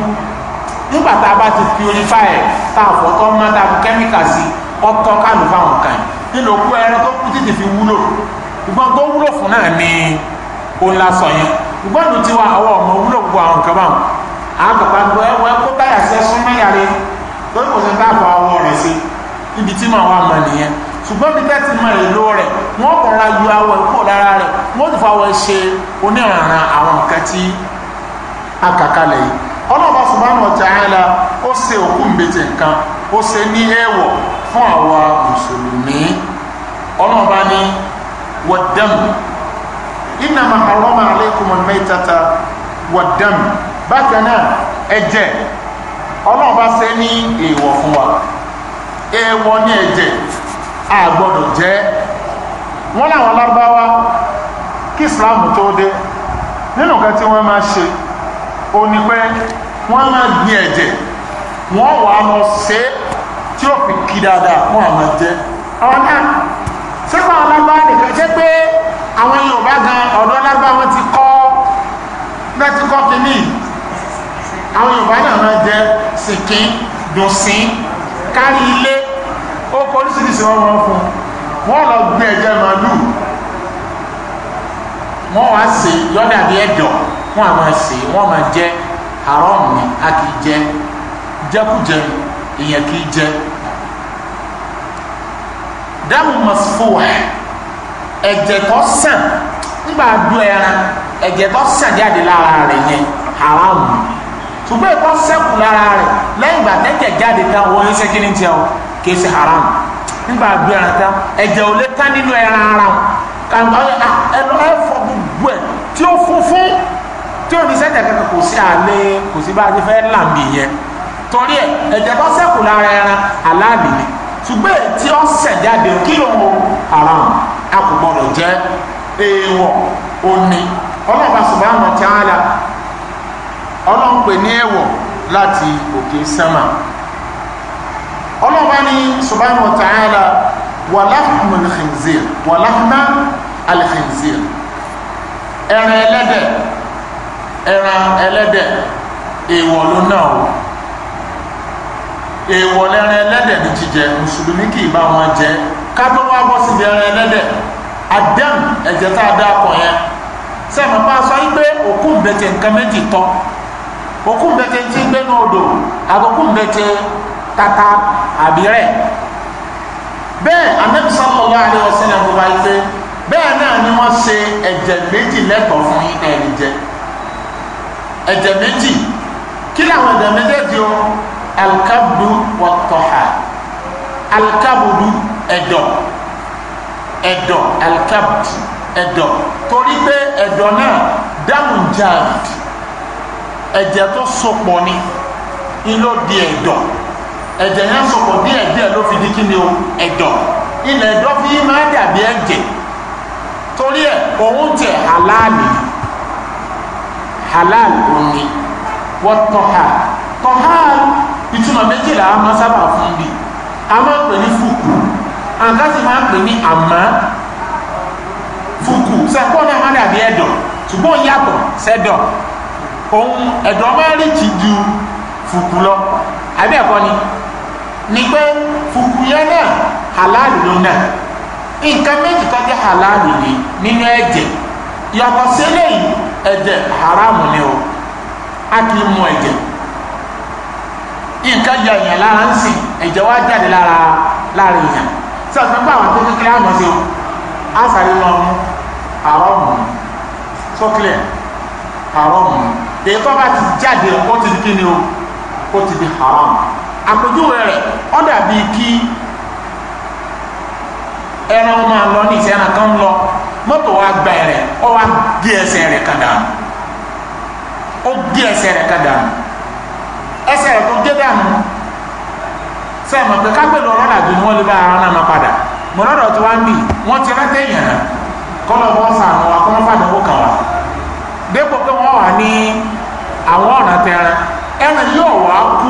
[SPEAKER 1] nígbà tá a bá ti purify tá a fọ́ tọ́ mọ́ dábò kẹ́míkà sí ọtọ́ kánú fáwọn kan nílò kú ẹran tó kú tètè fi wúlò ìgbọ́n tó wúlò fún náà ni òun la sọ yẹn ìgbọ́n tó ti wá àwọn ọmọ wúlò gbogbo àwọn nǹkan báwọn àgbàgbà gbọ́ ẹwọ ẹkọ báyà sẹ́sún mẹ́yàrá lórí kò sí ní dáàbò àwọn ọ̀rẹ́ sí ibi tí màá wà mọ́ nìyẹn ṣùgbọ́n bí tẹ́tì mọ èlò rẹ̀ wọ́n kọ̀ra ju awọ ìkó lára rẹ̀ wọ́n ti fọwọ́ ṣe oníranran àwọn nǹkan tí a kà kalẹ̀ yìí ọlọ́ọ̀bá subhanahu wa ta'ala ó ṣe òkú mbètè nǹkan ó ṣe ní èèwọ̀ fún àwa mùsùlùmí ọlọ́ọ̀bá ní wọ́dẹ́mù innama harrama alaykum al-maytata wad-dam bákan náà ẹ̀jẹ̀ ọlọ́ọ̀bá ṣe ní èèwọ̀ fún wa èèwọ̀ ní ẹ̀jẹ̀ àgbọ̀dọ̀ jẹ́ wọ́n láwọn lárúbáwá kí islam tó dé nínú nǹkan tí wọ́n máa ṣe ó ní pé wọ́n máa gbin ẹ̀jẹ̀ wọ́n wà á lọ ṣe é tí ó fi kí dáadáa wọ́n á máa jẹ́ ọ̀rọ̀ náà sípò àwọn lárúbáwá nìkan jẹ́ pé àwọn yorùbá gan ọ̀dọ́ lárúbáwá ti kọ́ láti kọ́ kínní àwọn yorùbá náà máa jẹ́ sìnkín dùnsín kárí ilé ó kọ oríṣiríṣi wọn wọn fún wọn lọ gbé ẹ̀jẹ̀ màálù wọn wá sí yọdà bí ẹ̀dọ̀ wọn àmà sí wọn máa jẹ haram ni a kì í jẹ jẹkújẹ ìyẹn kì í jẹ dáàmú mọ̀sífò ẹ̀jẹ̀ tó sàn nígbà dùn ẹran ẹ̀jẹ̀ tó sàn jáde lára rẹ̀ yẹn haram ṣùgbọ́n ìkọ́ sẹ́kù lára rẹ̀ lẹ́yìn ìgbà tẹ́jẹ̀ jáde tán wọ́n ń ṣe kí tiẹ̀ o kìí ṣe haram nígbà gbéra ta ẹ̀jẹ̀ ò lè tán nínú ẹran ara kàǹgbà ẹnu ẹ̀fọ́ gbogbo ẹ̀ tí ó funfun tí ò ní sẹ́jẹ̀ kankan kò sí àlẹ́ kò sí bá a ti fẹ́ làmì yẹn torí ẹ̀ ẹ̀jẹ̀ tó sẹ́kù lára ẹran aláàbì ni ṣùgbọ́n tí ó ṣẹ̀ jáde kí ló ń haram a kò gbọdọ̀ jẹ́ èèwọ̀ òní ọlọ́ọ̀bá subhanahu wa ta'ala ọlọ́ọ̀pẹ̀ ní ẹ̀wọ̀ láti òkè sẹ́mà ọlọ́ọ̀bá ní subhanahu wa ta'ala wa lahma al-khinzir wa lahma al-khinzir ẹran ẹlẹ́dẹ̀ ẹran ẹlẹ́dẹ̀ èèwọ̀ ló náà o èèwọ̀ lẹ́ran ẹlẹ́dẹ̀ ní jíjẹ mùsùlùmí kì í bá wọn jẹ kátó wá bọ́ síbi ẹran ẹlẹ́dẹ̀ àdẹ́m ẹ̀jẹ̀ tá a dá akọ yẹn sẹ́mi bá sọ yí pé òkú bẹ̀tẹ̀ nǹkan méjì tọ́ òkú bẹ̀tẹ̀ tí gbẹ́nu odò àbòkú bẹ̀tẹ̀ tata àbí rẹ̀ bẹ́ẹ̀ anabi sallallahu alaihi wasallam bó wáyé pé bẹ́ẹ̀ náà ni wọ́n ṣe ẹ̀jẹ̀ méjì lẹ́tọ̀ọ́ fún yín náà ní jẹ ẹ̀jẹ̀ méjì kí làwọn ẹ̀jẹ̀ méjèèjì o alkabudu wa tọ́ha alkabudu ẹ̀dọ̀ ẹ̀dọ̀ alkabudu torí pé ẹ̀dọ̀ náà dáhùn jáde ẹ̀jẹ̀ tó sopọ̀ ni ilo di ẹ̀dọ̀ ẹ̀jẹ̀ yẹn sọ̀pọ̀ díẹ̀ díẹ̀ ló fi di kí ni o ẹ̀dọ̀ ilẹ̀ ẹ̀dọ̀ fi máa dàbí ẹ̀jẹ̀ torí ẹ̀ òun tẹ̀ halali halal òní wọ́n tọ́ha tọ́ha ìtumọ̀ méjìlá a máa sábà fún bi a máa pè ní fúkù àǹká sì máa pè ní àmá fúkù sẹ́kọ́ náà máa dàbí ẹ̀dọ̀ ṣùgbọ́n yàtọ̀ sẹ́dọ̀ òun ẹ̀dọ̀ máa rí jì ju fúkù lọ àbí ẹ̀kọ́ ni ni pé fùkúyẹ́ náà halálù ló náà nǹkan méjì tó jẹ́ halálù ni nínú ẹ̀jẹ̀ yàtọ̀ sílẹ̀ yìí ẹ̀jẹ̀ haramu ni o a kì í mu ẹ̀jẹ̀ nǹkan yọ èèyàn lára ń sìn ẹ̀jẹ̀ wá jáde lára lára èèyàn tí ọ̀sán gbọ́ àwọn tó kékeré àmọ́ sí o á sáré lọ mú haramu sọ́kìlẹ̀ haramu èyí tó bá ti jáde ó ti di kí ni o ó ti di haram àpèjúwe rẹ̀ ó dàbí kí ẹran máa lọ ní ìsẹ́ran kan lọ mọ́tò wa gba ẹ̀rẹ̀ ó wá gé ẹsẹ̀ rẹ̀ kan dànù ó gé ẹsẹ̀ rẹ̀ kan dànù ẹsẹ̀ rẹ̀ tó gé dànù sẹ́ẹ̀mọ̀ pé kágbélé ọlọ́dà bí wọ́n lè bá ara náà máa padà mọ̀lọ́dọ̀ tó wá ń bì wọ́n ti rántẹ́ èèyàn náà kọ́lọ̀ bọ́ sànù wa kọ́lọ́ fàdánwó kan wa dépò pé wọ́n wà ní àwọn ọ̀nà tẹran ẹran yóò wá kú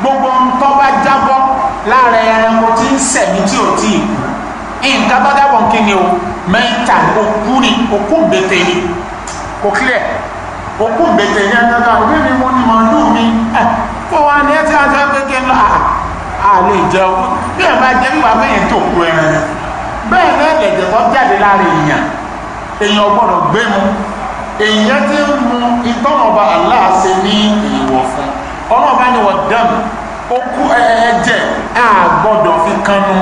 [SPEAKER 1] gbogbo ntọ́ bá jábọ́ lára ẹranko tí ń sẹ̀mí tí ò tí ì kú nǹkan bá jábọ̀ ń kíni o mẹ́ta òkú ni òkú gbètè ni kò kílẹ̀ òkú gbètè ni ẹ̀ka òbí mi mo ní màálù mi ẹ̀ ah, kó wa ni ẹ ti àti akéèké ńlá à lè jẹun bí ẹ̀ bá jẹ́ bí wàá bẹ́yẹn tó kú ẹran bẹ́ẹ̀ náà lẹ̀jẹ̀ jáde lára èèyàn èèyàn gbọ́dọ̀ gbé mu èèyàn ti ń mu ìtọ́nà ọba aláàṣẹ ní ìwọ̀ ọlọ́run bá ní wọ́n dán ó kú ẹ̀ẹ́jẹ̀ á gbọ́dọ̀ fi kánú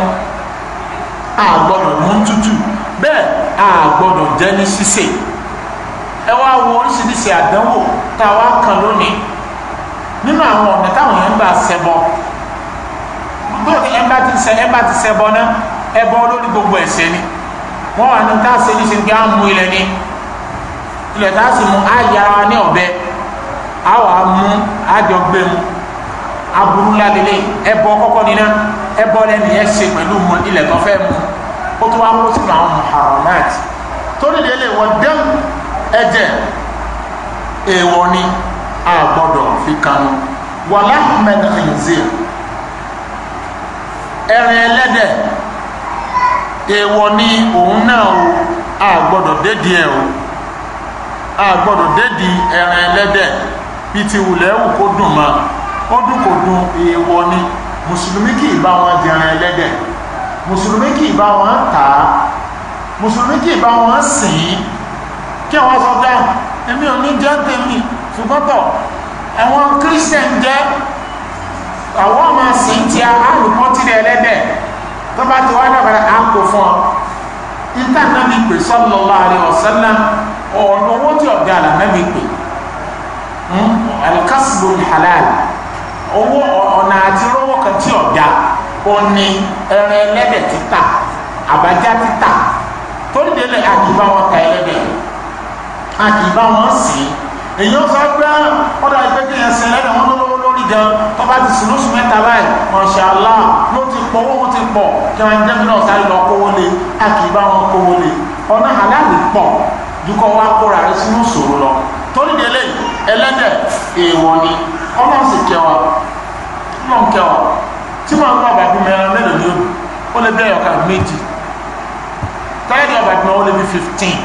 [SPEAKER 1] á gbọ́dọ̀ mú tútù bẹ́ẹ̀ á gbọ́dọ̀ jẹ́ ní sísè ẹ wá wo oríṣiríṣi àdánwò tá a wá kan lónìí nínú àwọn ọ̀nà táwọn èèyàn gbà ṣẹbọ gbọ́dọ̀ ní ẹ̀mbá ti ṣẹ ẹ̀mbá ti ṣẹbọ náà ẹbọ lórí gbogbo ẹ̀ṣẹ̀ ni wọ́n wà ní tá a ṣe ní ṣe ń gbé àmú ilẹ̀ ni ilẹ̀ tá a sì mú àyàrá ní ọ̀bẹ a wà mú àjọgbé mu aburula lele ẹbọ kọkọ ɛbɔ ẹbọ ni ẹsẹ pẹlú mu ilẹ̀ tó mu ó tún kó sínú àwọn muharramat torí lele wọ dẹ́m ni fi kanu wala mẹ́rin khinzir ẹran gbọ́dọ̀ gbọ́dọ̀ bí ti wùlẹ̀ wù kó dùn mọ́ ó dùn kò dùn èèwọ̀ ni mùsùlùmí kì í bá wọn jẹran ẹlẹ́dẹ̀ mùsùlùmí kì í bá wọn tà á mùsùlùmí kì í bá wọn sìn ín kí àwọn sọ pé èmi ò ní jẹ́ tèmi ṣùgbọ́n tọ̀ àwọn kírísítẹ̀n jẹ́ àwọn ọmọ sìn tí a alùpọ̀ ti rẹ̀ ẹlẹ́dẹ̀ tó bá ti wá dàgbàrà á kó fún ọ ìtàn náà mi pè sallallahu alaihi wasallam ọ̀nà owó tí ọ̀gá àlà pè Hmm? alikasibu halal owó ọ̀nà àti rọ́wọ́ kan tí ọ̀dà òní ẹran ẹlẹ́dẹ̀ títà àbájá títà torí délé àkìbá wọn ta ẹlẹ́dẹ̀ àkìbá wọn sìn èyàn sọ pé ọ̀dà ìgbẹ́kẹ̀ yẹn sìn ẹlẹ́dẹ̀ wọn lọ́wọ́ lórí gan tó bá ti sùn lóṣù mẹ́ta báyìí mọ̀ṣálá ló ti pọ̀ owó ti pọ̀ kí wọ́n jẹ́ mìíràn sáré lọ kówó lé àkìbá wọn kówó lé ọ̀nà halal pọ̀ dukọ̀ wa kóra rẹ̀ sínú sòrò lọ torí délé ẹlẹ́dẹ̀ èèwọ̀ ni
[SPEAKER 2] ọlọ́run sì kẹwàá
[SPEAKER 1] ọlọ́run kẹwàá tí wọ́n kọ́ ọ̀bà bíi mẹ́rin mẹ́rin ní òbí ó lè bẹ́ẹ̀ ọ̀kà méjì táyẹ̀dì ọ̀bà bíi ó lè bí fifteen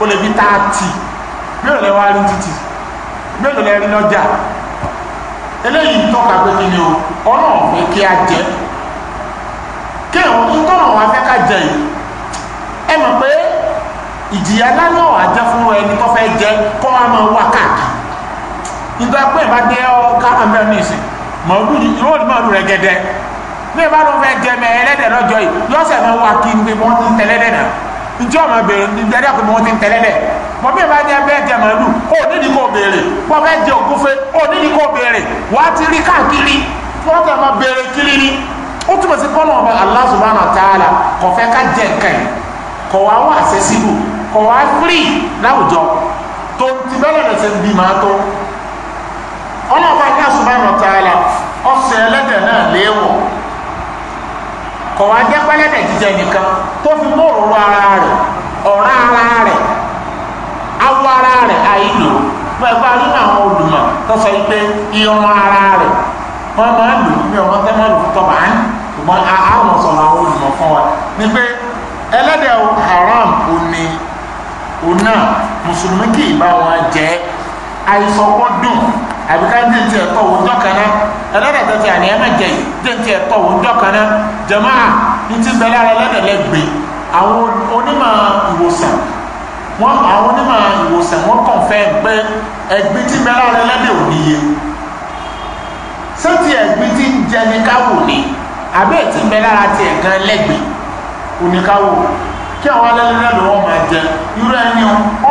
[SPEAKER 1] ó lè bí thirty mélòó lẹ́wọ́ arí títì mélòó lẹ́rí lọ́jà eléyìí ń tọ́ka pé kí ni o ọlọ́run fẹ́ kí a jẹ́ kí ẹ̀wọ̀n tó tọ́nà wá fẹ́ ká jẹ yìí ẹ mọ̀ pé ìjìyà lánàá àjẹfúnra ẹni tó fẹ́ jẹ kó wá máa wá káàkiri nígbà pé ìbá dé ọ káwọn mẹ́rin ní ìsìn mọ̀ọ́dún yìí ìwọ́n ti máa rú rẹ̀ gẹ́gẹ́ bí ìbá ló fẹ́ jẹ mẹ ẹlẹ́dẹ̀ lọ́jọ́ yìí yọ́sẹ̀ máa wá kí ni pé wọ́n ti ń tẹ́lẹ́dẹ̀ náà njẹ́ ọmọ bèrè nígbàdí àpò bí wọ́n ti ń tẹ́lẹ́dẹ̀ mọ̀ bí ìbá jẹ bẹ́ẹ̀ jẹ màálù ó nídìí kò béèrè bọ́ fẹ́ jẹ ògúnfe ó nídìí kò béèrè wàá ti rí káàkiri wọ́n ti máa kiri ni ó túmọ̀ sí pọ́nà ọba Allah subhanahu wa ta'ala kò fẹ́ ká jẹ nǹkan yìí kò wá wà accessible kò wá free láwùjọ tó ti bẹ́ẹ̀ lọ́dọ̀ sẹ́ ń bí ọlọ́ọ̀bá Allah subhanahu wa ta'ala ọ̀sẹ̀ ẹlẹ́dẹ̀ náà léèwọ̀ kọ̀wá jẹ́ pẹ́lẹ́dẹ̀ jíjẹ nìkan tó fi mú òróró ara rẹ̀ ọ̀rá ara rẹ̀ awọ ara rẹ̀ àìlò pẹ̀lú nínú àwọn olùmọ̀ tó sọ pé irun ara rẹ̀ wọ́n máa lò ní ọmọ tẹ́mọ̀ lò tó bá ń ṣùgbọ́n àwọn sọ̀rọ̀ àwọn olùmọ̀ fún wa ni pé ẹlẹ́dẹ̀ haram ò òun náà mùsùlùmí kì í bá wọn jẹ́ àìsàn dùn àbí ká ní tiẹ̀ tọ̀ wọ́n dọ́kànnà ẹlẹ́dẹ̀ tẹ̀ tiẹ̀ àní ẹ̀ má jẹ yìí dé tiẹ̀ tọ̀ wọ́n dọ́kànnà jẹ̀mọ́ à ní ti bẹ̀ lára ẹlẹ́dẹ̀ lẹ́gbẹ̀ẹ́ àwọn onímọ̀ ìwòsàn wọn àwọn onímọ̀ ìwòsàn wọn kàn fẹ́ pé ẹ̀gbin ti bẹ̀ lára ẹlẹ́dẹ̀ ò níye sẹ́tì ẹ̀gbin ti ń jẹni káwò ni àbí ẹ̀ ti bẹ̀ lára tiẹ̀ gan lẹ́gbẹ̀ẹ́ oníkáwò kí àwọn alẹ́lẹ́lẹ́ ló wọ́n máa jẹ irú ẹni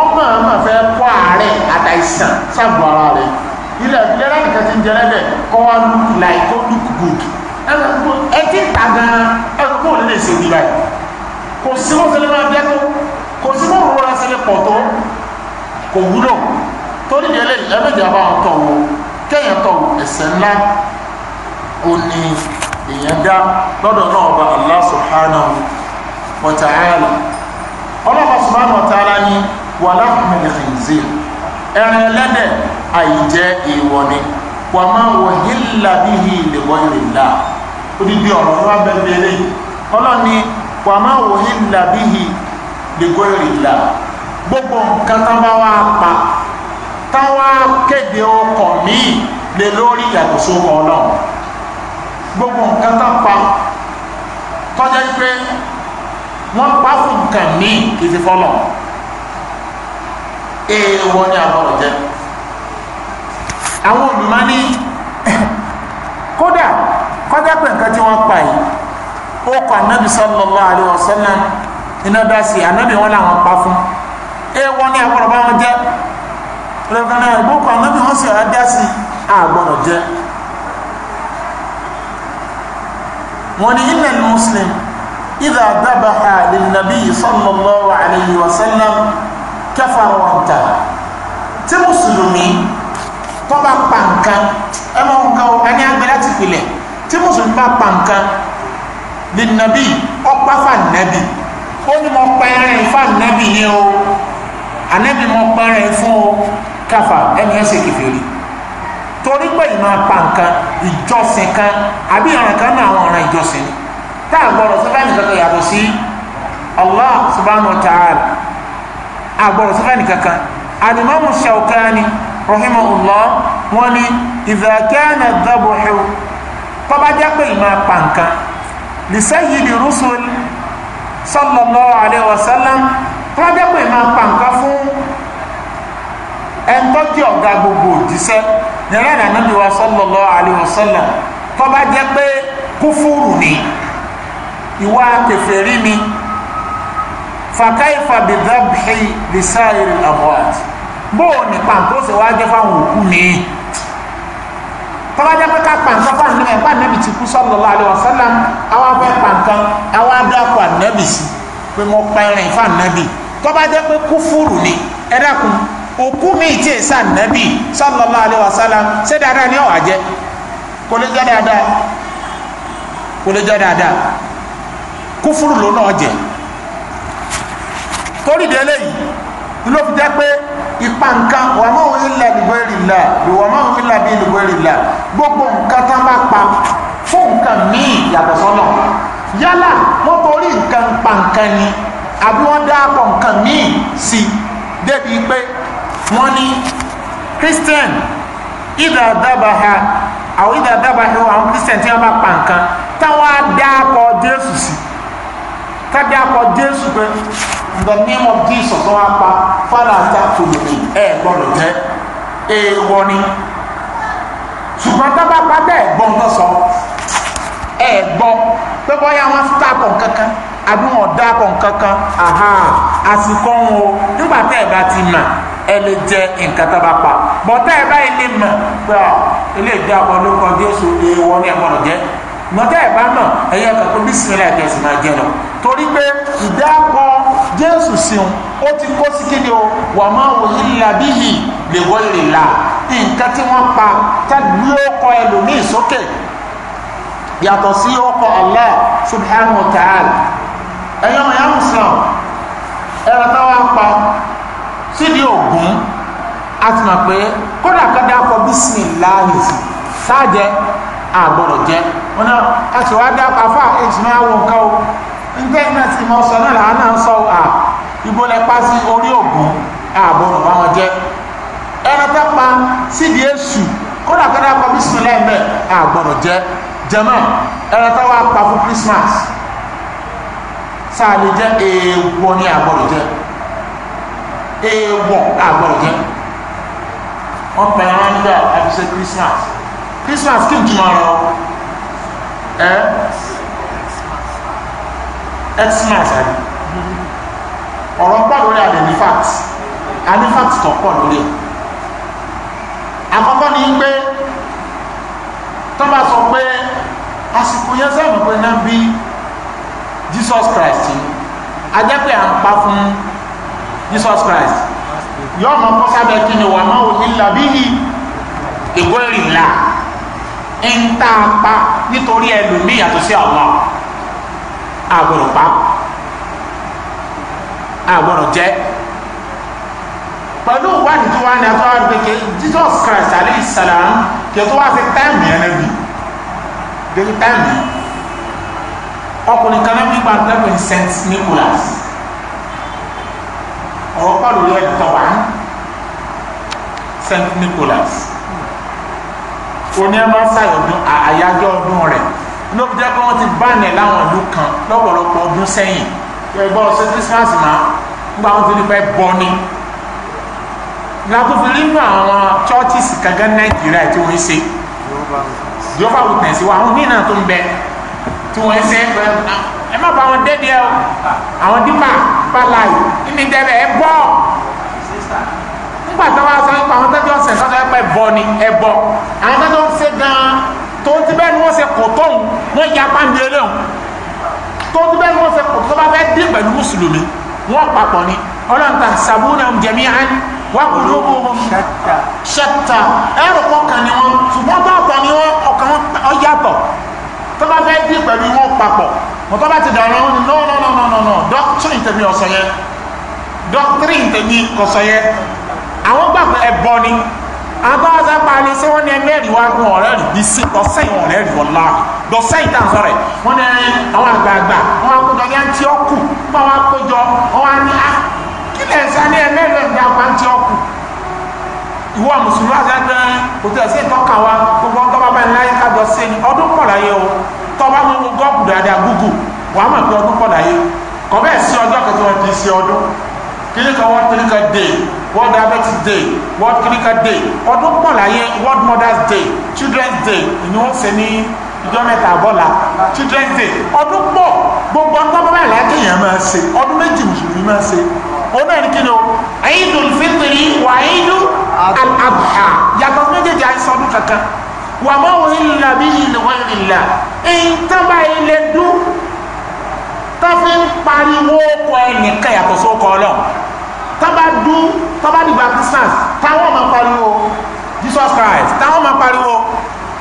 [SPEAKER 1] ọmọ ọmọ fẹ́ kó àárẹ̀ àtàìsàn sábò ara rẹ̀ ilẹ̀ ìlera nìkan ti ń jẹ lẹ́bẹ̀ kọ́ wá look like kó look good ẹ ti ta gan ẹnu kó lè ṣe bí báyìí kò sí wọn sẹlẹ̀ máa bẹ́ tó kò sí wọn rọra sẹlẹ̀ pọ̀ tó kò wúlò torí ìdílé ẹgbẹ́jọ bá wọn tọ̀ wọ kẹ́yìn tọ̀ ẹ̀sẹ̀ ńlá òní èèyàn dá lọ́dọ̀ náà ọba Allah subhanahu wa ta'ala ọlọ́pàá subhanahu wa ta'ala ni wàhálà kùmẹ̀lẹ̀ kìí zè ẹ̀rìn ẹlẹ́dẹ̀ẹ́ àìjẹ́ èèwọ̀ ni wà máa wọ hílà bíhi ìlẹ̀wọ̀ ìrìnlá odidi ọ̀rọ̀ ló wá bẹ̀rẹ̀ lẹ́yìn ọlọ́ni wà máa wọ hílà bíhi ìlẹ̀wọ̀ ìrìnlá gbogbo nǹkan tá bá wá pa táwa kéde ọkọ̀ míì lé lórí yàtọ̀ sókọ̀ ọlọ́run gbogbo nǹkan tá pa tọ́jà pé wọ́n pa fún nǹkan míì kìí ti fọ́lọ̀ èèwọ̀ ni àbọ̀rọ̀ jẹ́ àwọn olùmọ̀ ní kódà kọjá pé nǹkan tí wọ́n pa yìí ó kọ anábì sallallahu alaihi wasallam iná dá sí anábì wọn làwọn pa fún ẹ wọ́n ní agbọ́dọ̀ bá wọn jẹ́ lọ́gbọ́n náà ìgbókọ̀ anábì wọn sì rà dá sí àgbọ̀dọ̀ jẹ́ wọ́n ní ilẹ̀ muslim idha dabaha linnabi sallallahu alaihi wasallam kafara wa anta tí mùsùlùmí tó bá pa nǹkan ẹ mọ nǹkan o ẹni agbẹ láti pilẹ̀ tí mùsùlùmí bá pa nǹkan ní nàbí ọpá fà nàbí ó ní mo pẹ́ẹ́rẹ́ fà nàbí yẹn o ànábì mo pẹ́ẹ́rẹ́ fún o káfà ẹni ẹ ṣe kèfèrí torí pé ìmọ̀ apá nǹkan ìjọsìn kan àbí ìran kan náà àwọn ọ̀ràn ìjọsìn tá a gbọ́dọ̀ sọ́fẹ́ nìkan kan yàtọ̀ sí Allah subhanahu wa ta'ala a gbọ́dọ̀ sọ́fẹ́ nìkan kan Al-Imam Shawkani rahimahullah wọ́n ní idha kana dhabuhu tó bá jẹ́ pé ìmọ̀ pàǹkà li sayyidi rusul sallallahu alaihi wasallam tó bá jẹ́ pé ìmọ̀ pàǹkà fún ẹ̀ńtọ́ tí ọ̀gá gbogbo òjíṣẹ́ nílẹ̀ ànábì wa sallallahu alaihi wasallam tó bá jẹ́ pé kúfúrù ni ìwà kèfèrí ni fa kayfa bi dhabhi li sa'iri bóò ní pàǹkó ṣe wá jẹ́ fáwọn òkú ni tọ́wájá pé ká pàǹkó fáwọn nígbà ìpá nẹ́bì ti kú sallallahu alaihi wasallam àwọn afẹ́ pàǹkó àwọn abúlápọ̀ ànẹ́bì sí pé mo pẹ́rin fáwọn nẹ́bì tọ́wájá pé kúfúrù ni ẹ dákun òkú mi tí èsà nẹ́bì sallallahu alaihi wasallam ṣé dáadáa ni ọ̀wà jẹ́ kò lè jẹ́ dáadáa kò lè jẹ́ dáadáa kúfúrù ló náà jẹ́ torí délé yìí ló fi jẹ́ pé ipa nǹkan wàmọ́ òun ilẹ̀ ìlú èrìlà ìwàmọ́ òun ilẹ̀ bí ìlú èrìlà gbogbo nǹkan tá bá pa
[SPEAKER 2] fún nǹkan míì yàtọ̀ sọ́nà
[SPEAKER 1] yálà wọ́n torí nǹkan pa nǹkan ni àbí wọ́n dáàpọ̀ nǹkan míì sí débi pé wọ́n ní christian ìdá dábàá àwọn ìdá dábàá àwọn christian tí wọ́n bá pa nǹkan táwọn á dáàpọ̀ jésù sí tá dáàpọ̀ jésù pé In the name of Jesus wọn apá fara ata tòlùkì ẹ gbọ́dọ̀ jẹ èèwọ̀ ni ṣùgbọ́n tá bá padà ẹ gbọ́ nǹkan sọ ẹ gbọ́ pé bóyá wọn tàpọ kankan àbí wọn dàpọ kankan àsìkò wọn o nígbà tá ẹ bá ti mà ẹ lè jẹ nǹkan tá bá pa bọ́tá ẹ báyìí lè mọ̀ pé ọ ilé ìgbé àbọ̀ ló kọ Jésù èèwọ̀ ni ẹ gbọ́dọ̀ jẹ mọ̀tá ẹ bá mọ̀ ẹ̀yẹ kàkó bísí ẹ̀ kẹsì máa jẹ lọ torí pé ìdáàbò jésù síun ó ti kó sí kíni o wà máa wò ilà bíyì lè wọlé la nǹkan tí wọ́n pa tẹ́lú ọkọ ẹlòmíì sókè yàtọ̀ sí ọkọ Allah subhanahu ta'ala ẹ̀yọ́ ọ̀yá muslim ẹ̀rọ táwa pa sídìí ògún a ti mọ̀ pé kódà kọ́dà kọ bísí láàyè sí sáàjẹ́ àgbọ̀rọ̀ jẹ́ wọn náà a ti wá dá pa fáà èjì náà wọ nǹkan o nígbà iná tí mo sọ náà làwọn náà ń sọ à ibo lẹ pa sí orí ògùn ààbò ọ̀rọ̀ wọn jẹ ẹni tó pa sídìí èṣù kódà kódà kọ bí sùn lẹ́ẹ̀mẹ́ àgbọ̀dọ̀ jẹ jẹmọ́ ẹni tó wà pa fún Christmas sáà lè jẹ èèwọ̀ ní àgbọ̀dọ̀ jẹ èèwọ̀ àgbọ̀dọ̀ jẹ wọ́n pẹ̀lú wọn nígbà àfisẹ́ Christmas Christmas kí n jùmọ̀ lọ ẹ́ exmas àbí ọ̀rọ̀ pọ̀ lórí àdè ní fact a ní fact tó pọ̀ lórí ẹ̀ àkọ́kọ́ ni pé tó bá sọ pé àsìkò yẹn sẹ́wọ̀n pé náà bí Jesus Christ a jẹ́ pé à ń pa fún Jesus Christ yọ ọmọ kọ́ sábẹ́ kí ni wà máa wò ní làbíyí ìgò ìrìnlá ń tá a pa nítorí ẹlòmíì yàtọ̀ sí àwọn àgbọ̀rọ̀ pa àgbọ̀rọ̀ jẹ́ pẹ̀lú ìwádìí tó wá ní ẹ̀tọ́ wájú pé Jesus Christ alayhi salam kí o tó wá sí táìmù yẹn lẹ́bi débi táìmù ọkùnrin kan náà nípa lẹ́gbẹ̀ẹ́ Saint Nicholas ọ̀rọ̀ pọ̀lú yẹn tọ̀ wá Saint Nicholas oní ẹ̀ máa ń ṣàyọ̀dún àyájọ́ ọdún rẹ̀ ló fi jẹ́ pé wọ́n ti báni ẹ̀ láwọn ìlú kan lọ́pọ̀lọpọ̀ ọdún sẹ́yìn ẹgbọ́n ṣe christmas máa nígbà wọn ti rí pé bọ́ ni látòfin nínú àwọn churches kankan nàìjíríà tí wọ́n ń ṣe Jehovah Witness wa àwọn mìíràn tó ń bẹ tí wọ́n ń ṣe ẹ má bá wọn dédé o àwọn dípà pàlàyé ìní dẹ́rẹ́ ẹ bọ́ nígbà tí wọ́n sọ nípa àwọn tẹ́jọ́ ọ̀sẹ̀ sọ́dọ̀ ẹ pẹ́ bọ́ ni ẹ bọ́ àwọn tẹ́jọ́ ń ṣe gan-an tóun ti bẹ́ẹ̀ ni wọ́n ṣe kò tóun wọ́n ya pàǹdé eléhùn tóun ti bẹ́ẹ̀ ni wọ́n ṣe kò tó bá fẹ́ dé pẹ̀lú mùsùlùmí wọ́n papọ̀ ni ọlọ́run ta sàbúnà jami'an wa qulubuhum shatta ẹ̀rọ kọkàn ni wọ́n ṣùgbọ́n tó ọ̀tọ̀ ni wọ́n ọkàn ọ̀yàtọ̀ tó bá fẹ́ dé pẹ̀lú wọn papọ̀ mọ̀tọ́ bá ti dàrọ̀ wọn ni no no no no no doctrine tẹ̀mí ọ̀sọ̀ yẹn doctrine tẹ̀mí abáza pali sẹ wọn ẹgbẹ rí wa gun ọ̀rẹ́ rí bí sí lọsẹ yìí ọ̀rẹ́ rí wọlá lọsẹ yìí tà ń sọ̀rọ̀ yìí wọn ní àwọn àgbààgbà wọn akójọ yẹn ti ọkù wọn wọn akójọ wọn wọn ní a ah, kí lè sá ní ẹgbẹ rẹ ní àwọn ti ọkù ìwọ mùsùlùmí àti ẹgbẹ́ kò tẹ ẹsẹ ìtọ́ka wa gbogbo ọgbà bàbá ńlá yẹn kájọ sí ni ọdún pọ̀ láyé o tọ́ba mú gọ́ọ̀bù dáadáa gúgù wàá mọ̀ pé ọdún pọ̀ láyé kọ́ bẹ́ẹ̀ sí ọjọ́ kẹtọ́ wọn ti sí ọdún kí ni kọ́ wọ́n tẹ́lẹ̀ ká dé world diabetes day world clinical day ọdún pọ̀ láyé world mothers day children's day ni wọ́n ṣe ní ìjọ mẹ́ta bọ́lá children's day ọdún pọ̀ gbogbo ọdún bàbá ìlàjì yẹn máa ṣe ọdún méjì mùsùlùmí máa ṣe ó náà ní kíni o Eidul Fitri wà Eidul Adha yàtọ̀ méjèèjì àìsàn ọdún kankan wà má wò ní ìlà bí ìlúwọ̀ ìlà èyí tó bá ilé dún tó fi ń pariwo ọkọ̀ ẹnìkan yàtọ̀ sókọ̀ ọlọ́run tábà dún tábà di christmas táwọn máa pariwo jesus christ táwọn máa pariwo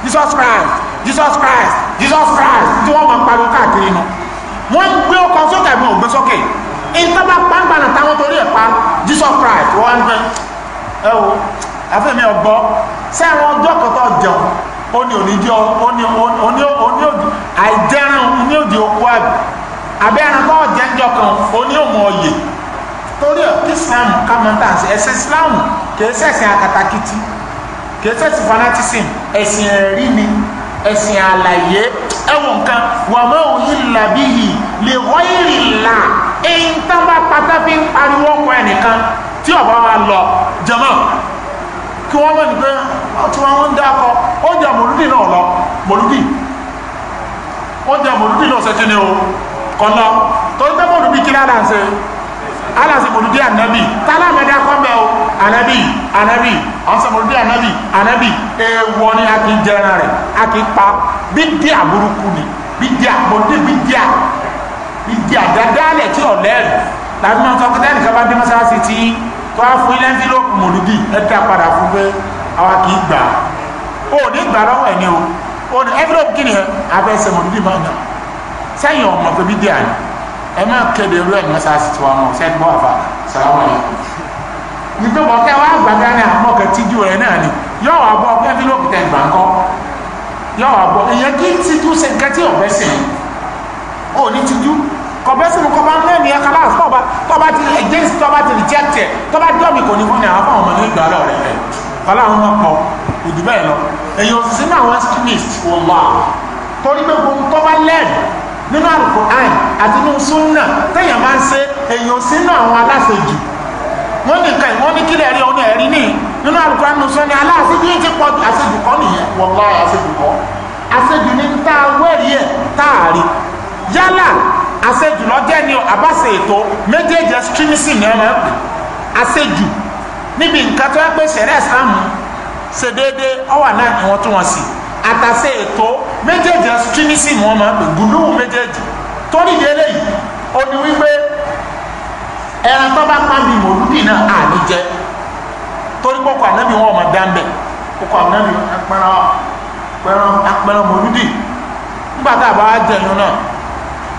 [SPEAKER 1] jesus christ jesus christ jesus christ tí wọ́n máa pariwo káàkiri nu wọ́n ń gbé ọkọ̀ sókè àbí wọn ò gbé sókè ìtọ́ba pàǹpàǹ táwọn torí ẹ̀ e pa jesus christ wọ́n ń gbé ẹ wo afẹ́mi ọgbọ́ sẹ́wọ̀n ọjọ́ kọ́tọ́ jẹun ó ní onídìí ó ní oní oní àìjẹran ní òdì okú àbí abẹ́ràn tó jẹ́ ń jọ kan ó ní òmù ọyẹ torí ẹ̀ kí islam ká mọ́ tà sí ẹ̀sìn islam kìí ṣẹ̀sìn akatakiti kìí ṣẹ̀sìn fanatism ẹ̀sìn ẹ̀rí ni ẹ̀sìn àlàyé ẹ̀wọ̀n nǹkan wà mọ́ òyìn làbí yìí lè wáyìrì là ẹ̀yìn tán bá pátá fi ń pariwo ọkọ̀ ẹnìkan tí ọ̀bá wa lọ jẹ̀mọ́ kí wọ́n mọ̀ ní pé ọtí wọn ń dákọ̀ ó jẹ́ mòlúdì náà lọ mòlúdì ó jẹ́ mòlúdì náà ṣe kí ni o kọ́ lọ torí pé mòlúdì kí lára ń ṣe alasi mọlúdé anabi tálá mẹdẹ akọmẹ o anabi anabi ọsàn mọlúdé anabi anabi èèwọ̀ ni a kì í jẹran rẹ a kì í pa bí dí àbúrúkú ni bí dí àmọlúdé bí dí à bí dí àdádálẹ tí ò lẹrù làbí máa ń sọ pé tẹ́lẹ̀ kí a bá dé mọ́sálásí tí tó a fún ilé ń fi lókun mọlúdé ẹ dá padà fún pé àwa kì í gbà ó ní gbà lọ́wọ́ ẹ̀ ni o ó ní ẹ fi lókun kí ni ẹ abẹ́ sẹ́mọ̀lúdé máa ń yàn sẹ́yìn ọmọ pé bí dí à ni ẹ máa kéde irú ẹ̀ ní mọ́sáàsì tiwọn náà ṣe é bọ́ àfa sàlámù yẹn nígbà bọ́ kẹ́ wàá gbàgbá ní àmọ́ kẹ́ tíjú rẹ̀ náà ni yọ wà bọ́ kẹ́ fi lóògùn tẹ̀ gbà ńkọ́ yọ wà bọ́ ìyẹn kí tíjú ṣe nǹkan tí ọ̀bẹ sìn ó ní tíjú kọ̀bẹ sìn kọ́ bá mẹ́rin ní ẹ̀ka láàfin tọ́ba tọ́ba ti against tọ́ba ti reject ẹ̀ tọ́ba dọ́ọ̀mì kò ní fún ní àwọn fáwọn ọmọ nígbà lọ rẹ̀ rẹ̀ kọ́lá àwọn ọmọ pọ̀ òdù bẹ́ẹ̀ lọ èyí ò sì sínú àwọn extremist wọ́n wà torí nínú alukur'an àti nínú sunna téèyàn máa ń ṣe èyí ò sínú àwọn aláṣejù wọ́n ní nǹkan ìwọ́n ní kílẹ̀ rí ọ̀nà ẹ̀rí ní nínú alukur'an nínú sunna aláṣejù yìí ti pọ̀ jù àṣejù kọ́ nìyẹn wallahi àṣejù kọ́ àṣejù ní tá a wẹ̀rí ẹ̀ tá a rí yálà àṣejù lọ́jẹ́ ni àbáṣe ètò méjèèjì extremism ni wọ́n máa ń pè àṣejù níbi nǹkan tó yẹ pé sẹ̀rẹ̀ Islam ṣe déédéé ọ̀wà àtàsẹ ẹ̀tọ́ méjèèjì extremism wọn máa ń pè gùdùn méjèèjì torí délé yìí ó ní wípé ẹran tó bá pàmì mòlúdì náà àní jẹ torí kókò ànábì wọn ọmọ dáńbẹ kókò ànábì apẹran apẹran mòlúdì nígbà tá a bá jẹyún náà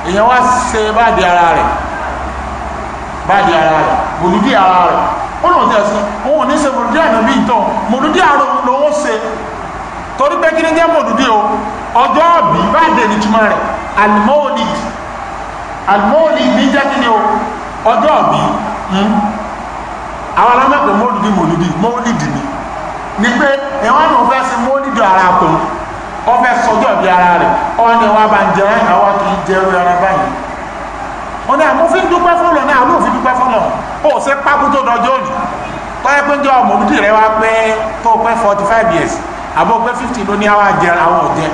[SPEAKER 1] èèyàn wá ṣe báàdì ara rẹ báàdì ara rẹ mòlúdì ara rẹ ó lóun tẹ̀sán òun ò ní ṣe mòlúdì ànábì ìtàn mòlúdì ara lòun ṣe torí pé kí ni jẹ́ mọ̀lúdí o ọjọ́ ọ̀bí bá dé ní túmọ̀ rẹ̀ alimọ́ọ̀lì alimọ́ọ̀lì ní jẹ́ kí ni o ọjọ́ ọ̀bí hmm? àwọn alámọ̀pẹ̀ mọ́lúdí mọ̀lúdí mọ́lúdí ni ni pé ẹ̀wọ́n ni wọ́n fẹ́ sí mọ́lúdí ara kò wọ́n fẹ́ sọjọ́ ọ̀bí ara rẹ̀ wọ́n ní wọ́n bá ń jẹ ẹ̀yìn àwọn kì í jẹ ẹrú ara báyìí wọ́n ní àmúfin dúpẹ́ fọlọ́ ní àlóòfin dúpẹ́ fọlọ́ ó ṣe pákó tó dọjọ́ òní tọ́yẹ́ pé ń jẹ́ ọmọ rẹ wá pé tó pé forty five years àbọ̀ pé fifty ló ní àwọn àjẹ àwọn ọ̀jẹ́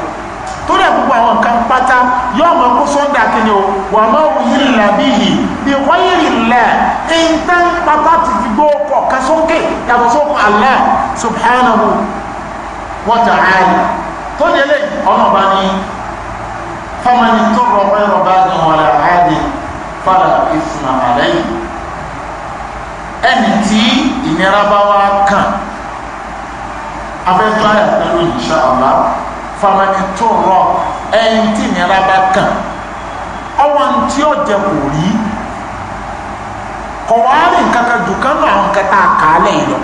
[SPEAKER 1] tó dẹ̀ gbogbo àwọn nǹkan pátá yóò mọ kó sọ́ńdà kìíní o wà má wùyí làbí yìí bí wáyé ilẹ̀ ìtàn pátá ti fi gbó kọ̀ọ̀kan sókè yàtọ̀ sókè Allah subhanahu wa ta'ala tó yẹ lé ọmọ bá ní fọmọnì tó rọ ọ̀rọ̀ bá ní wàlẹ̀ àádé fàlà ìfúnà àlẹ́ yìí ẹni tí ìnira bá wá kàn afẹ́fẹ́ àyàpẹ́lú insha Allah famani tó rọ ẹyin tí nira bá kàn ọwọ́n tí ó jẹ kò rí kọ̀ wá rí nǹkan kan jù kan náà àwọn kẹta àkàálẹ̀ yìí lọ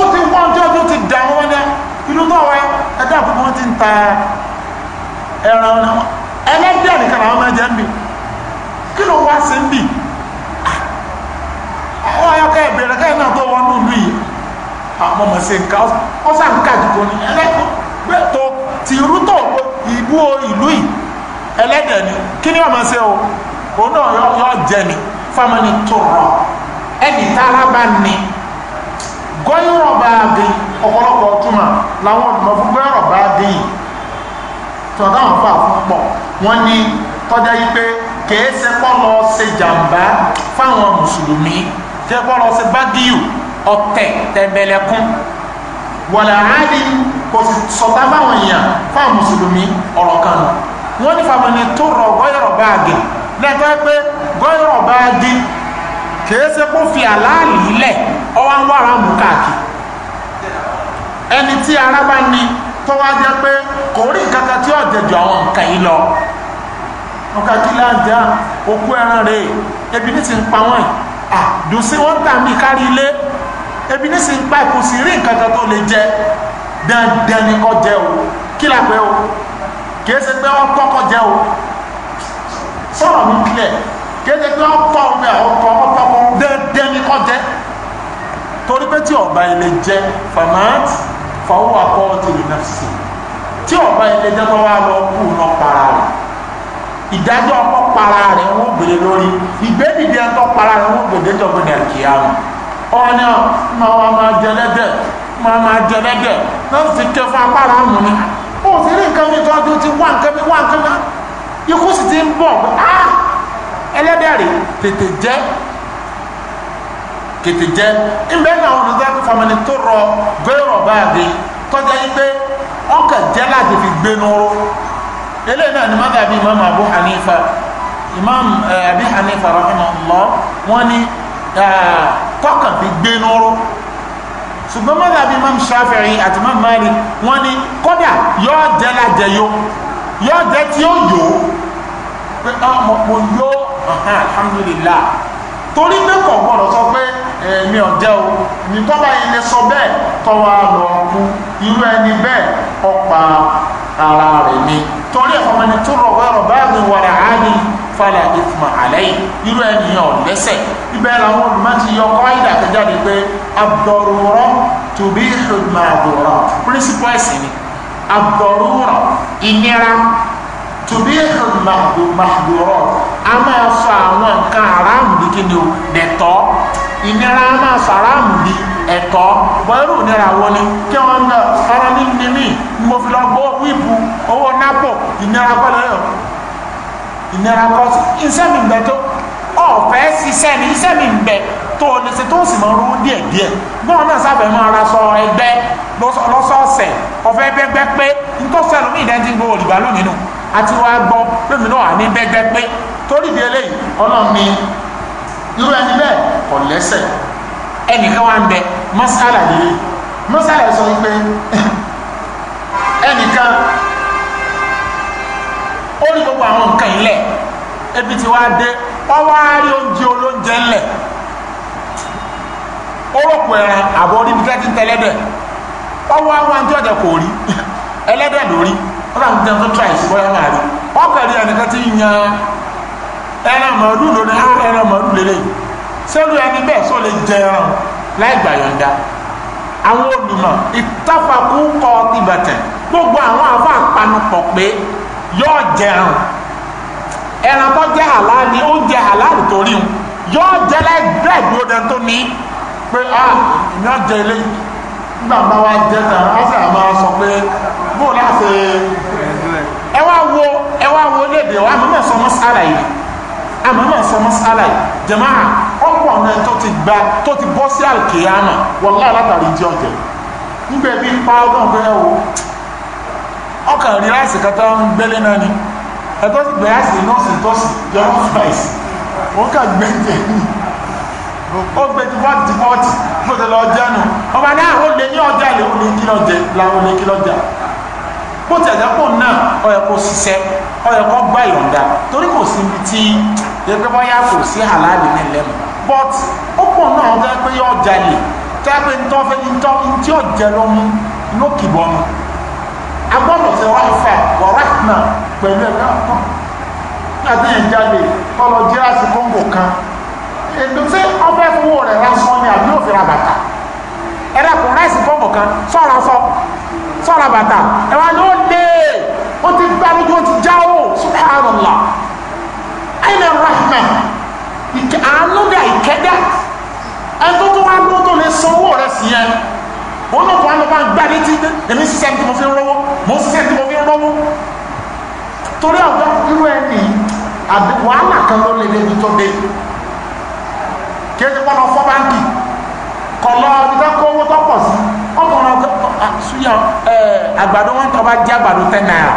[SPEAKER 1] ó ti wọ́n tí ọdún ti dà wọ́n dẹ́ inú náà wẹ́ ẹ̀dá àkókò wọn ti ń ta ẹran náà ẹlẹ́dẹ̀ nìkan làwọn máa jẹ́ ń bì kí ló wá sí ń bì àwọn ah, ayọ́kẹ́ ìbẹ̀rẹ̀ kẹ́yìn náà tó wọnú ìlú yìí àwọn ọmọ ṣe nǹkan ọ̀sà nǹkan àdìgbò ni ẹlẹ́kọ̀ọ́ gbẹ́tọ̀ ti rútọ̀ ìbú ìlú yìí ẹlẹ́dẹ̀ ni kí ni wọ́n máa ṣe o òun náà yọ jẹ ni fámánì tó rọ ẹni tára bá ní gọ́yọ̀rọ̀ bá a dín ọ̀pọ̀lọpọ̀ ọtúnmà làwọn ọ̀dùnmọ̀ fún gọ́yọ̀rọ̀ bá a dín yìí tọ́dá àwọn fà fún pọ̀ wọ́n ní tọ́já yí pé kèé ṣe pọ́ lọ ṣe jàǹbá fáwọn mùsùlùmí jẹ́ pọ́ lọ ṣe bá díyù ọ̀tẹ̀ tẹ̀mbẹ̀lẹ̀kún wọ̀là áàdì kò sì sọ̀tà báwọn èèyàn fáwọn mùsùlùmí ọ̀rọ̀ kan nù wọ́n ní famani tó rọ gọ́yọ̀rọ̀ báàgì lẹ́tọ́ pé gọ́yọ̀rọ̀ báàgì kìí ṣe kó fi àlàálì ilẹ̀ ọwọ́ ń wàrà mú káàkiri ẹni tí ara bá ní tó pé kò rí nǹkan tí ó jẹjọ àwọn nǹkan yìí lọ ọkà kí láàjá ẹran rèé ebi ní ti ń pa wọ́n yìí dùn sí wọ́n tà mí kárí ilé ebi ní sì ń pa kò sì rí nǹkan kan tó lè jẹ dandan ni kọ́ jẹ o kí la pẹ́ o kìí ṣe pé wọ́n kọ́kọ́ jẹ o sọ̀rọ̀ mi kílẹ̀ kìí ṣe pé wọ́n kọ́ ọmọ ẹ̀ ọkọ̀ ọkọ̀ dandan ni kọ́ jẹ torí pé tí ọba ilé jẹ famat fọwọ́ akọ́ tìlú náà sí tí ọba ilé jẹ tó wá lọ para rẹ̀ ìdájọ́ ọkọ para rẹ̀ ń gbèrè lórí ìgbẹ́dìde ọkọ para rẹ̀ ń gbèdéjọ́ gbèdé kíámù ọ̀nà máa wà máa jẹlẹ́dẹ̀ máa máa jẹlẹ́dẹ̀ náà sì ké fún apára mú ni ó sì rí nǹkan mi tó ọdún ti wá nǹkan mi wá nǹkan mi ikú sì ti ń bọ̀ pé á ẹlẹ́dẹ̀ rè tètè jẹ́ tètè jẹ́ ńbẹ́ náà wọn lọ́dọ̀ fàmìlì tó rọ gbẹ́rọ̀ báyìí tọ́jà yín pé wọ́n jẹ́ láti fi gbénu ró eléyìí náà ni mọ́tàbí imam abu hanifa imam eh, abi hanifa rahimahullah wọ́n ní eh, tọ́kàn fi gbé nóró ṣùgbọ́n mọ́tàbí imam shafi'i àti imam malik wọ́n ní kódà yóò jẹ́ lájẹyó yóò jẹ́ tí ó yòó pé ọmọ ah, mo yó alhamdulillah torí pé kò gbọ́dọ̀ sọ pé èmi eh, ọ̀jẹ́ o ní tọ́ba ilé sọ bẹ́ẹ̀ tọ́wọ́ lọ kú irú ẹni bẹ́ẹ̀ ọ̀pá ara rẹ̀ ni torí ẹ̀fọ́ mẹni tó rọ̀ wẹ́rọ̀ báyìí wàrà á ní fàlà ìfùmọ̀ àlẹ́ yìí irú ènìyàn lẹ́sẹ̀ ibẹ̀ làwọn olùmọ̀tì yọ kọ́ ìdà tó jáde pé abdọ̀rọ̀rọ̀ tòbí ìfòdùmọ̀ àbọ̀rọ̀ ni abdọ̀rọ̀rọ̀ ìnira tùbíhàn màdùrọ̀ a máa sọ àwọn nǹkan aráàmù bí kí ni o dẹ̀tọ́ ìnira a máa sọ aráàmù di ẹ̀tọ́ bọ́ẹ̀rù ìnira wo ni kí wọ́n ń ọ̀rọ̀ ní ní mí mo fi lọ gbọ́ wíìpù owó nápò ìnira kọ́ lọ́yọ̀ ìnira kọ́ sí iṣẹ́ mi gbẹ tó ọ̀fẹ́ ṣiṣẹ́ ni iṣẹ́ mi gbẹ tó o lè ṣe tó o sì máa rówó díẹ̀ díẹ̀ gbọ́n náà sábẹ̀ máa ra sọ ẹgbẹ́ lọ́sọ̀ọ̀sẹ̀ ọ̀fẹ́ gbẹgbẹ́ pé nítòsí ẹlòmíì dẹ́ńtì gbowó ìgbà lónìí àti wàá gbọ́ lómi náà ní bẹ́gbẹ́ pé torí di eléyìí ọlọ́run ni irú ẹni bẹ́ẹ̀ kò lẹ́sẹ̀ ẹnìkan wá ń bẹ mọ́sálà nílé mọ́sálà sọ wípé ẹnìkan ó rí gbogbo àwọn nǹkan ilẹ̀ ebi tí wàá dé ọwọ́ á rí oúnjẹ olóúnjẹ ńlẹ̀ ó rò pé ẹran àbọ̀ orí bí tẹ́tí ń tẹ́lẹ́dẹ̀ ọwọ́ àwọn àjọjẹ kò rí ẹlẹ́dẹ̀ lórí ɔna nkan to try si bɔyɛ ŋa adi ɔkari a nika ti nyaa ɛna madu do ne hɛn ɛna madu lele sɛlu ɛni bɛɛ so le jɛyɔrɔ láì gbà yọ̀ǹda àwọn olùmọ̀ ìtafakú kọ ìbàtẹ̀ gbogbo àwọn afọ àpanupọ̀ pé yóò jẹun ẹran tó jẹ halali ó jẹ halali torí wọn yóò jẹ lẹgbẹgbẹ ọdẹ tó ní pé ah ìyá jẹ eléyìí gbàmbá wa jẹta a sì àmà sọ pé bóòlù àti ẹ wá wo ẹ wá wo léde wa àmọ́ náà sọ mọ́ sára yìí àmọ́ náà sọ mọ́ sára yìí jàmáà ọ̀pọ̀ ọ̀nà tó ti gba tó ti bọ́ sí àlùkìyàmà wàláhì látàrí jẹ́ ọ̀jẹ̀ nígbà bí pa ọgbọ́n pé ẹ wo ọkàn rí láìsí kátà ń gbélé náà ni ẹ̀tọ́ ti gbẹ̀yà sí nọ́ọ̀sì tọ́sì jẹ́ ọ́fíìsì wọ́n kà gbẹ̀jẹ̀ ni ó gbé dìbọ́tì dìbọ́tì ló ti lọ jẹ́ nù ọba ní àwọn ah, olè ní ọjà ilé olè kí lọ jẹ làwọn olè kí lọ jà bó ti ẹ̀jẹ̀ pò náà ó yẹ kó ṣiṣẹ́ ó yẹ kó gbá ìyọ̀ǹda torí kò sí ibi tí ẹgbẹ́ bọ́yá kò sí àlàálì ní lẹ́nu but ó pò náà ó fẹ́ pé yọ ọjà ilé tẹ́ pé ń tọ́ fẹ́ ń tọ́ ń tí ọ̀jẹ̀ lọ mú ló kìbọn mu agbọ́dọ̀ ṣe wá fà wọ̀rá náà pẹ̀lú ẹ̀ká kan láti ìjáde kọlọ jẹ́ àsìkò kan èdè tí wọ́n fẹ́ fowó rẹ̀ ra sọ ni àbí òfin ra bàtà ẹ̀rẹ́ kò ráìsì fọ́ọ̀mù kan sọ̀rọ̀ sọ sọ̀rọ̀ bàtà ẹ̀wà ni ó lé e. ó ti gbá lójú ó ti já ó subhanallah ẹ̀yìn rahma ìkẹ́ àánú dà ìkẹ́dá ẹni tó tó wá ló tó lè sanwó rẹ̀ sí yẹn wọn náà kọ́ àwọn ọba gbá létí èmi ṣiṣẹ́ tí mo fi ń rówó mo ṣiṣẹ́ tí mo fi ń rówó torí àwọn irú ẹni wàhálà kan ló lè débi tó dé kí ẹsẹ̀ pọ́n lọ fọ́ báńkì kọ̀ lọ ibi tó kó owó tó pọ̀ sí ọkùnrin ọkọ̀ suyan àgbàdo wọn tó bá jẹ́ àgbàdo tẹ́ náírà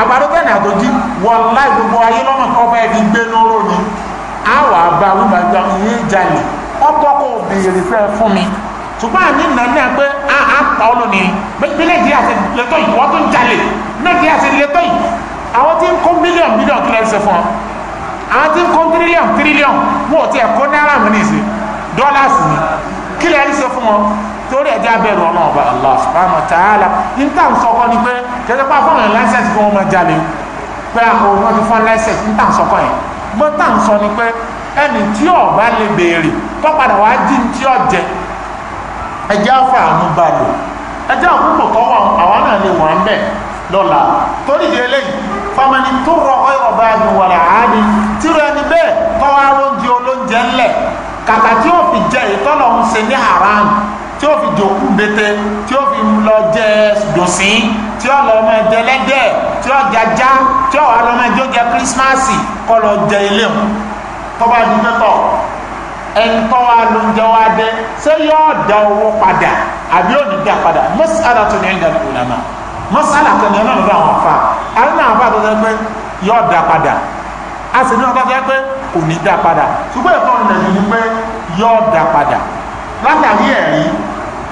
[SPEAKER 1] àgbàdo tẹ́ náírà tó jí wàláhì gbogbo ayé lọ́nà tó fẹ́ fi gbé lóró ni àwọ̀ àbá wíwájú ìyẹn ìjàlè ọkọ̀ kò béèrè fẹ́ fún mi ṣùgbọ́n àmì nàní àgbẹ̀ àpá olóni bí nàìjíríà ti lẹ́tọ̀ yìí wọ́n tún jalè nàìjíríà ti lẹ́tọ̀ yìí àwọn tí ń kó mílíọ̀nù mílíọ̀nù kílẹ̀ ń ṣe fún ọ àwọn tí ń kó tírílíọ̀n tírílíọ̀n wọn ò tiẹ̀ kó náírà mi ní ìsìn dọ́làsì ni kí lè rí sọ fún wọn torí ẹ̀jẹ̀ abẹ́rù ọlọ́ọ̀bà Allah subhanahu wa ta'ala níta ń sọkọ ni pé kẹsẹ̀ pa fún ọ̀rìn láìsẹ̀sì fún ọmọ jalè pé àwọn ọmọ ti fún láìsẹ̀sì níta ń sọkọ yẹn gbọ́ntà ń sọ ni pé ẹni tí ọba lè béèrè tó padà wá jí tí ọ jẹ ẹjẹ́ afọ àánú balẹ̀ ẹjẹ́ àkókò tọ́wọ́ àwọn lọ́la torí ìdí eléyìí famani tó rọ ọ̀rọ̀ bá mi wà láàánì tírọ ẹni bẹ́ẹ̀ tọ́wọ́ oúnjẹ olóúnjẹ ńlẹ̀ kàkà tí ó fi jẹ ìtọ́lọ̀ ń ṣe ní haram tí ó fi jòkú bété tí ó fi lọ jẹ dòsín tí ó lọ ọmọ ẹjẹ lẹ́dẹ̀ tí ó jajá tí ó wà lọ́mọ ẹjẹ oúnjẹ kírísímásì kọ́ lọ jẹ ilé wọn tọ́ba ẹni pẹ́tọ̀ ẹ̀ńtọ́ wa ló wa dẹ́ ṣé yóò da owó padà àbí ò padà mọ́sálà tó mọ́sálà kan ní ọ̀nà lọ́dọ̀ àwọn afa àrùn náà bá tọ́jú pé yọ da padà a sì ní ọ̀gá tó yẹ pé kò ní da padà ṣùgbọ́n ẹ̀kọ́ ọ̀nà yìí ni pé yọ da padà látàrí ẹ̀rí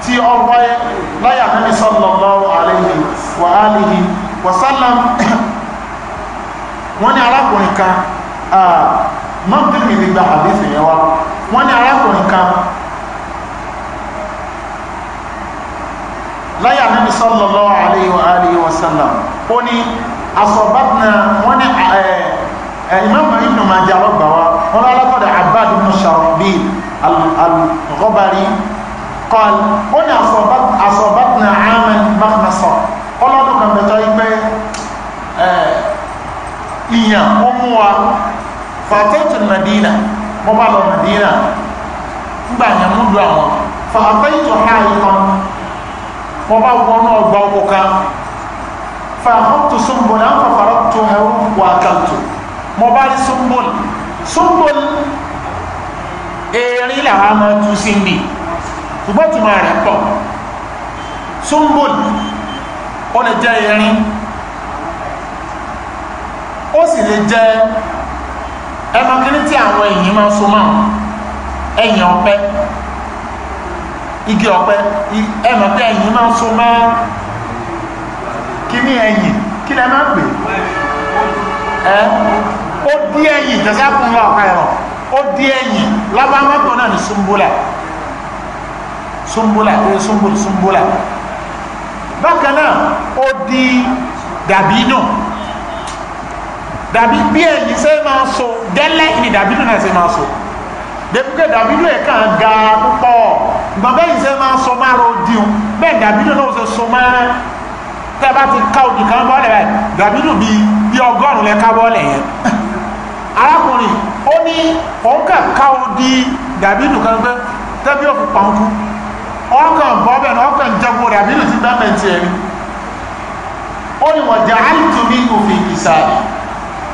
[SPEAKER 1] tí ọ wáyé láyà Ànábì sallallahu alaihi wa alihi wa sallam wọ́n ní arákùnrin kan mọ́tìrì nígbà àdéfìyẹwà wọ́n ní arákùnrin kan láyà níbi sallallahu alayhi wa alihi wa sallam ó ní asọ̀bátìnà wọ́n ní ìmáàmù eh, eh, ibn Majah lọ́gbà wa wọ́n lọ́wọ́ látọ̀dọ̀ Abbad ibn Sharahbil al-Ghubari qal ó ní asọ̀bátìnà aman magnasọ̀ ọlọ́dún kan bẹ̀tọ́ ipẹ́ eh, ìyàn ó mú wa fàtẹ́tù Madina mo bá lọ yẹn mú du àwọn fàtẹ́tù ha ìkan mo bá wọn náà gba ọkọ̀ kan fàáhùtù súnbọ̀lì àwọn fàfàrà tó ẹrù wà kàntù mo bá rí súnbọ̀lì súnbọ̀lì erin làwọn máa tú sí mi ṣùgbọ́n tí mo rẹ̀ pọ̀ súnbọ̀lì ó lè jẹ́ erin ó sì lè jẹ́ ẹmọkiri tí àwọn èyí máa so máa ẹ̀yìn ọ̀pẹ igi ọ̀pẹ ẹ mọ̀ pé ẹ̀yìn máa ń so mọ́ kíní ẹ̀yìn kí lẹ máa ń pè ẹ ó dí ẹ̀yìn jẹ́sàkùn lọ ọ̀pẹ ẹ̀rọ ó dí ẹ̀yìn lábámọ́tò náà ní sumbula sumbula ó sumbula sumbula bákan náà ó di dàbínù dàbí bí ẹ̀yìn ṣe máa so gẹ́lẹ́ ni dàbínù náà ṣe máa so dèbí pé dàbínù ẹ̀ kàn ga púpọ̀ bàbá yìí sẹ́ máa sọ máa rọ diun bẹ́ẹ̀ dàbídùn náà sọ sọ máa tẹ́ bá ti ká òdì kan bọ́ọ̀lẹ̀ rẹ̀ dàbídùn bíi bíi ọgọ́rùn-ún lẹ ká bọ́ọ̀lẹ̀ yẹn arákùnrin ó ní òun kà ká òdì dàbídùn kan pé tẹ́bí òfin pàǹkú ọkàn bọ́ọ̀bẹ̀ náà ọkàn jẹ́gun dàbídùn ti bá mẹ́tì ẹ̀ ni ó ní wọ́n jẹ́ àìtúmí òfin ìsàlẹ̀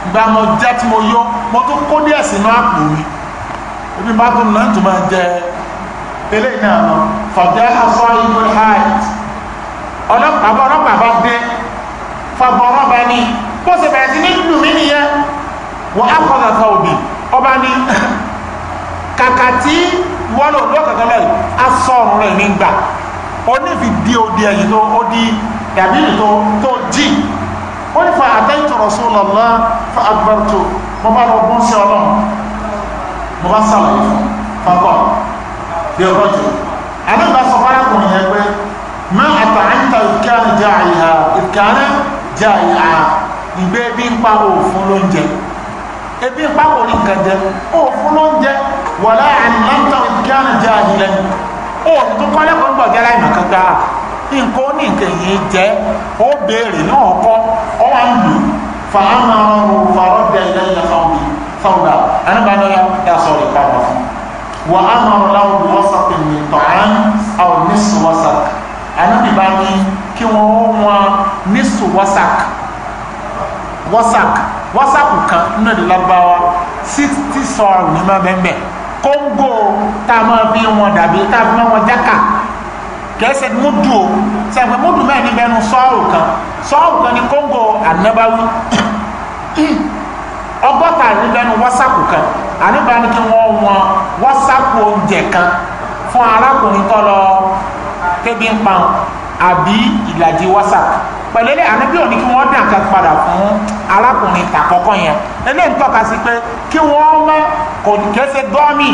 [SPEAKER 1] ìgbà mọ̀ jẹ́ tí mo yọ mo tún kó díẹ̀ sínú àpò mi ebi má tún náà tún máa jẹ́ eléyìí náà lọ fọ̀jẹ́ aṣọ ìlú hajj ọlọ́pàá bá ọlọ́pàá bá dé fàbọ̀rọ̀ bá ní bó ṣe bẹ̀rẹ̀ sí ní lù mí nìyẹn wọ́n á kọ́ nàta òbí ọba ní kàkà tí wọ́n lò lọ́kàtà lẹ́yìn aṣọ ọ̀run rẹ̀ nígbà ó ní fi di odi ẹ̀yìn tó ó di tàbí tó tó jì ó ní fa ataytu Rasulullah fa akbartu mo bá lọ bọ́n sí ọlọ́run mo bá sàlàyé fún fàbọ̀rọ̀ bí rọ́jù àdúgbà sọ fún arákùnrin yẹn pé má àtà àyíká ìkànnì já àyíká ìkànnì já àyíká ìgbé ebi ń pa òfun lóúnjẹ ebi ń pa òní nǹkan jẹ òfun lóúnjẹ wọlé àyíká ìkànnì já àyíká òní tó kọ́lé kó ń gbọ̀ gẹ́rẹ́ ìmọ̀ kankan nǹkan ó ní nǹkan yìí jẹ́ ó béèrè náà kọ́ ọ wá ń lù ú fa ama ọ̀rọ̀ fa ọ̀rọ̀ bẹ́ẹ̀ lẹ́yìn fáwọn bíi fáwọn bá àníbàánu yà sọ̀rọ̀ fún un wà á mọ̀rọ̀ láwọn wọ́sà pẹ̀lú tọ̀hán àwọn nísù wọ́sà ànábì bá ní kí wọ́n wọn nísù wọ́sà wọ́sà wọ́sà kan nínú ìlú lágbáwá sixty sọ̀rọ̀ ní má bẹ́ẹ̀ bẹ́ẹ̀ kóńgò tá a máa fi wọn dàbí tá a fi máa wọn jákà kẹsẹ mudu o sẹpẹ mudu mẹni bẹnu sọọrù kan sọọrù kan ni kóńgò anabawi ọgọ́ta níbẹ̀ nu wọ́sàpù kan àníbà ni kí wọ́n wọn wọ́sàpù oúnjẹ kan fún arákùnrin tó lọ tẹ́bí ń pa àbí ìlàjì wọ́sàpù pẹ̀lú ilé ànábì òní kí wọ́n dàn kan padà fún arákùnrin tàkọ́kọ́ yẹn eléyìí tọ́ka sí pé kí wọ́n mọ kò kẹsẹ̀ dọ́ọ̀mì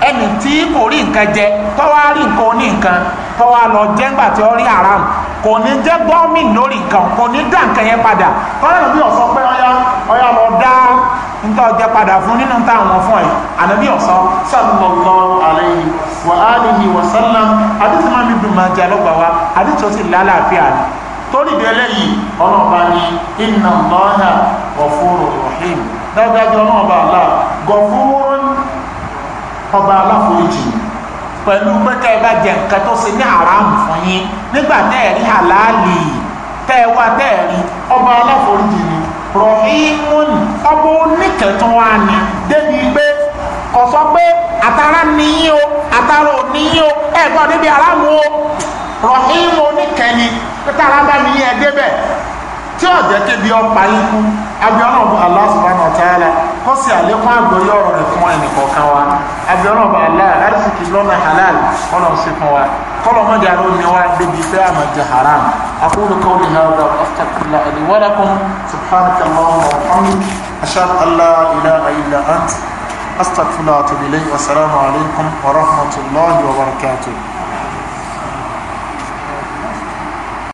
[SPEAKER 1] ẹni tí kò rí nǹkan jẹ tó wá rí nǹkan oní nǹkan tó wá lọ jẹ́ ńgbà tí ó rí haram kò ní jẹ́ gọ́ọ̀mìn lórí nǹkan kò ní dá nǹkan yẹn padà kọ́nà bí ọ̀sọ́ pé ọyá ọyá lọ dá nǹkan ọjẹ́ padà fún nínú tá àwọn fún ẹ ànábì ọ̀sọ́ sallallahu alayhi wa alihi wa sallam àdìsí máa mi dùn máa jẹ lọ́gbà wa àdìsí ó sì lálàáfíà ni torí bí eléyìí ọlọ́ọ̀bá ni inna Allaha ghafurur rahim dájúdájú ọlọ́ọ̀bá àlá gọ̀fúrú ọba aláforíjì pẹ̀lú pẹ́kẹ́ ẹ bá jẹ nǹkan tó ṣe ní àràmù fún yín nígbà tẹ́ ẹ̀ rí àlàálì tẹ́ ẹ wá tẹ́ ẹ̀ rí ọba aláforíjì ni rọ̀hìnmùn ọba oníkẹ̀tún wa ni débi pé kò sọ pé àtàrà níyìn o àtàrà ò o ẹ̀ gbọ́ níbi àràmù o rọ̀hìnmùn oníkẹ̀ni pété arábá mi yẹn débẹ̀ tí ọ̀jẹ̀ kébi ọ̀pá yín kú abiola Allah subhanahu wa ta'ala kó sì àlékún àgbọ́yé ọ̀rọ̀ rẹ̀ fún ẹnì kọ̀ọ̀kan wa abẹ́ ọlọ́ọ̀bà aláà lárísìkì lọ́nà halal ọlọ́ọ̀ sí fún wa kọ́lọ̀ mọ́jà ló ní wa débi pé àmọ́ jẹ haram aqulu qawli hadha wa astaghfirullaha li wa lakum subhanaka allahumma wa bihamdika ashhadu an la ilaha illa ant alaykum wa rahmatullahi wa barakatuh